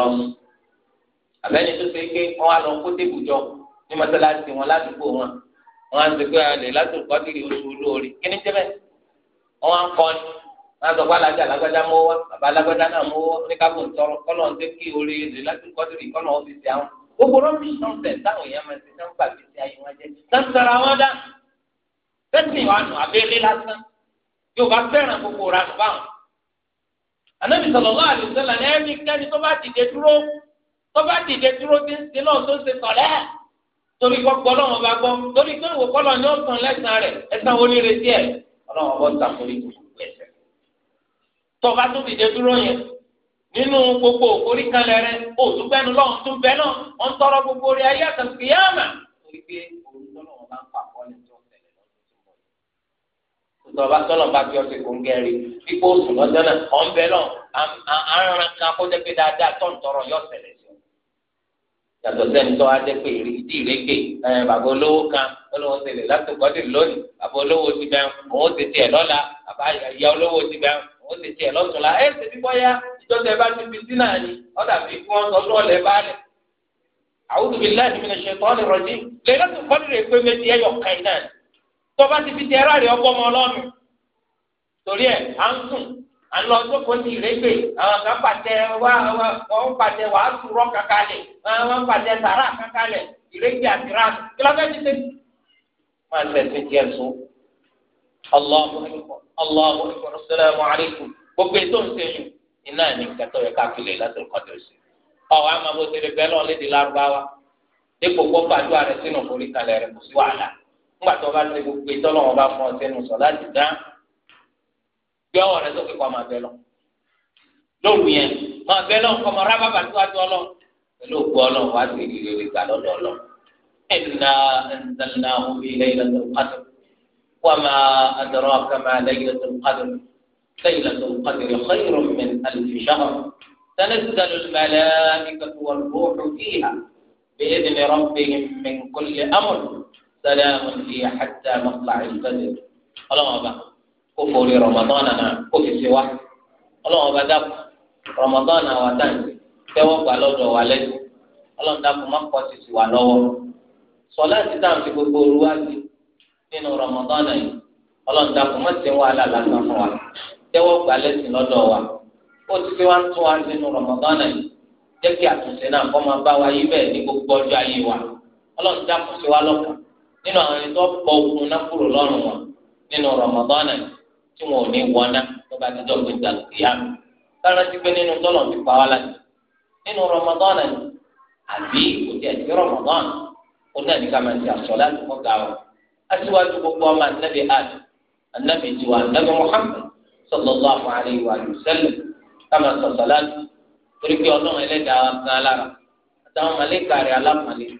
ń sin àbẹ́ni tó ṣe pé wọ́n á lọ kó tébù jọ ní mọ́tàláṣí wọn ládùúgbò wọn wọ́n á ti pé alẹ́ látò kọ́tìrì oṣù lóore kí ni jẹ́bẹ̀ wọ́n á ń kọ́ni wọ́n á sọ pé alájà alágbádá mọ́ wá bàbá alágbádá náà mọ́ wá ní kábò ń tọrọ kọ́lọ̀ ń tẹ́ kí oore lè látò kọ́tìrì kọ́lọ̀ ó fi ṣe àwọn gbogbo rọ́bì sọ̀tẹ̀ táwọn èèyàn máa ti sàn gbàgbé sí ayé wọn jẹ́ sàǹtara wọn dá tẹ́sí wa nù abẹ́rẹ́ lásán yóò bá fẹ́ràn gbogbo ra nù tọ́ba dìde dúró tí ń sin náà tó ń ṣe sọ̀lẹ́ torí gbọ́gbọ́ lọ́wọ́ bá gbọ́ torí pé òwò kọ́lọ̀ ni ó sàn lẹ́sàn rẹ̀ ẹ̀sán onírètí ẹ̀ ọlọ́wọ́ bọ́ sàkórí gbogbo ẹ̀sẹ̀. tọ́ba tó dìde dúró yẹn nínú gbogbo orí kalẹ̀ rẹ̀ òtúgbẹ́nu lọ́wọ́ tó bẹ́ náà wọ́n tọrọ gbogbo orí ayé àtàkùyàmà torí pé òwò lọ́wọ́ bá ń pàpọ̀ tọba tọlọ bá fi ọsẹ kóńgẹrì pípọ̀ oṣù lọ́jọ́ náà ọ̀nbẹ náà àrùn kan kó jẹ́ pé dáadáa tọ̀ ń tọrọ yọ sẹ̀lẹ̀ yàtọ̀ sẹ́ni tó wá jẹ́ pé ìdí ìrẹ́gbẹ́ ẹ̀ bàbá olówó kan olówó tẹ̀lé látòkọ́ tẹ̀lé lónìí bàbá olówó ti bẹ́ẹ̀ òun ti tiẹ̀ lọ́la bàbá ìyá olówó ti bẹ́ẹ̀ òun ti tiẹ̀ lọ́tùnla ẹ̀ ṣe bí bọ́yá ìjọba ẹ̀ bá ti fi sínú àní ọ̀dà fi fún ọ̀sán tó ọ̀lẹ̀ bá rẹ̀. a'udhu billahi minash shaitanir rajim lẹ́yìn tó kọ́ alọ gbogbo ti rẹgbẹ àwọn kan pàtẹ wa wọn pàtẹ wàásù rọ kakalẹ wọn pàtẹ sàrà kakalẹ ìrẹgbẹ àtìrà kílọfẹ ti tẹ. máa ń tẹ̀sí díẹ̀ Allahu gbogbo ètò ń sẹ́yìn iná ní kẹtọ́ yẹ káfílẹ̀ láti tó ṣe. ọ̀wọ́ àmọ́ bó bẹ́ẹ̀ lọ lédè lárúbáwá dípò kó sínú forí kalẹ̀ gbé ọwọ́ rẹ sókè kọ́ máa bẹ lọ. lóru yẹn máa bẹ lọ kọ́ máa rábà bàtú àti ọlọ pẹ̀lú òkú ọlọ wá sí ìrírí rẹ gbà lọ́dọ̀ ọlọ. ẹnna ẹnzẹlẹ omi Laylatul Qadr wà máa àdọrọ kama Laylatul Qadr Laylatul Qadr khayrun min alf shahr تنزل ni والروح فيها بإذن ربهم من كل أمر سلام هي حتى مطلع الفجر الله أكبر kó forí rọmọdọ́nà náà kó fi wa wá bá dàpọ̀ rọmọdọ́nà wa dáǹtì tẹ́wọ́ gbà lọ́dọ̀ wa lẹ́sìn ọlọ́run dàpọ̀ má kọ́ gbogbo nínú yìí dàpọ̀ má wa tẹ́wọ́ gbà lọ́dọ̀ wa ó ti fi wá tún wa nínú yìí jẹ́ kí àtúnṣe náà gbogbo ọjọ́ ayé wa dàpọ̀ sí tí wọn ò ní wọná tó bá ti dọ̀ pé ìdàlùkì yá mi kára ti pé nínú tọ́lọ̀ ti pa wá láti nínú Ramadan ni àbí kò tiẹ̀ sí Ramadan ó náà ní ká máa ti àṣọ láti kọ́ ga ọ aṣíwájú gbogbo ọmọ anabi adam anabi tiwa anabi Muhammad sallallahu alayhi wa sallam ká máa sọ sàlátì torí pé ọlọ́run ẹlẹ́dàá wa gan alára àtàwọn màlẹ́kà rẹ̀ alápàlẹ́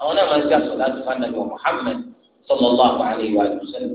àwọn náà máa ti àṣọ láti fún anabi Muhammad sallallahu alayhi wa sallam.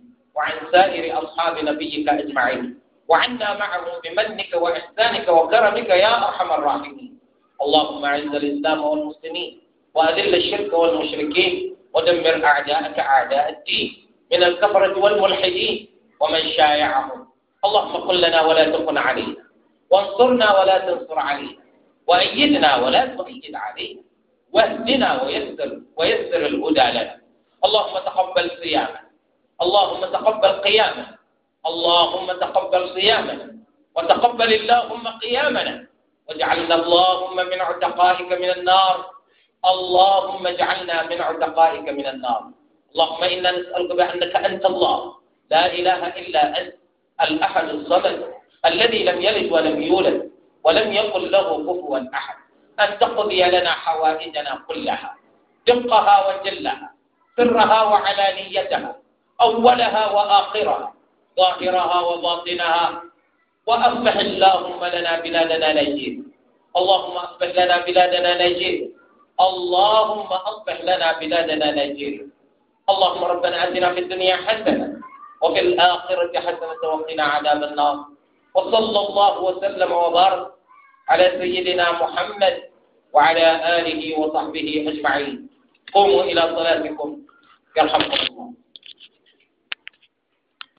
وعن سائر أصحاب نبيك أجمعين وعنا معهم بمنك وإحسانك وكرمك يا أرحم الراحمين اللهم أعز الإسلام والمسلمين وأذل الشرك والمشركين ودمر أعداءك أعداء الدين من الكفرة والملحدين ومن شايعهم اللهم قل لنا ولا تكن علينا وانصرنا ولا تنصر علينا وأيدنا ولا تؤيد علينا واهدنا ويسر ويسر الهدى لنا اللهم تقبل صيامنا اللهم تقبل قيامنا اللهم تقبل صيامنا وتقبل اللهم قيامنا واجعلنا اللهم من عتقائك من النار اللهم اجعلنا من عتقائك من النار اللهم انا نسالك بانك انت الله لا اله الا انت الاحد الصمد الذي لم يلد ولم يولد ولم يقل له كفوا احد ان تقضي لنا حوائجنا كلها دقها وجلها سرها وعلانيتها أولها وآخرها ظاهرها وباطنها وأصبح اللهم لنا بلادنا نجيب اللهم أصلح لنا بلادنا نجيب اللهم أصلح لنا بلادنا نجيب اللهم ربنا آتنا في الدنيا حسنة وفي الآخرة حسنة وقنا عذاب النار وصلى الله وسلم وبارك على سيدنا محمد وعلى آله وصحبه أجمعين قوموا إلى صلاتكم يرحمكم الله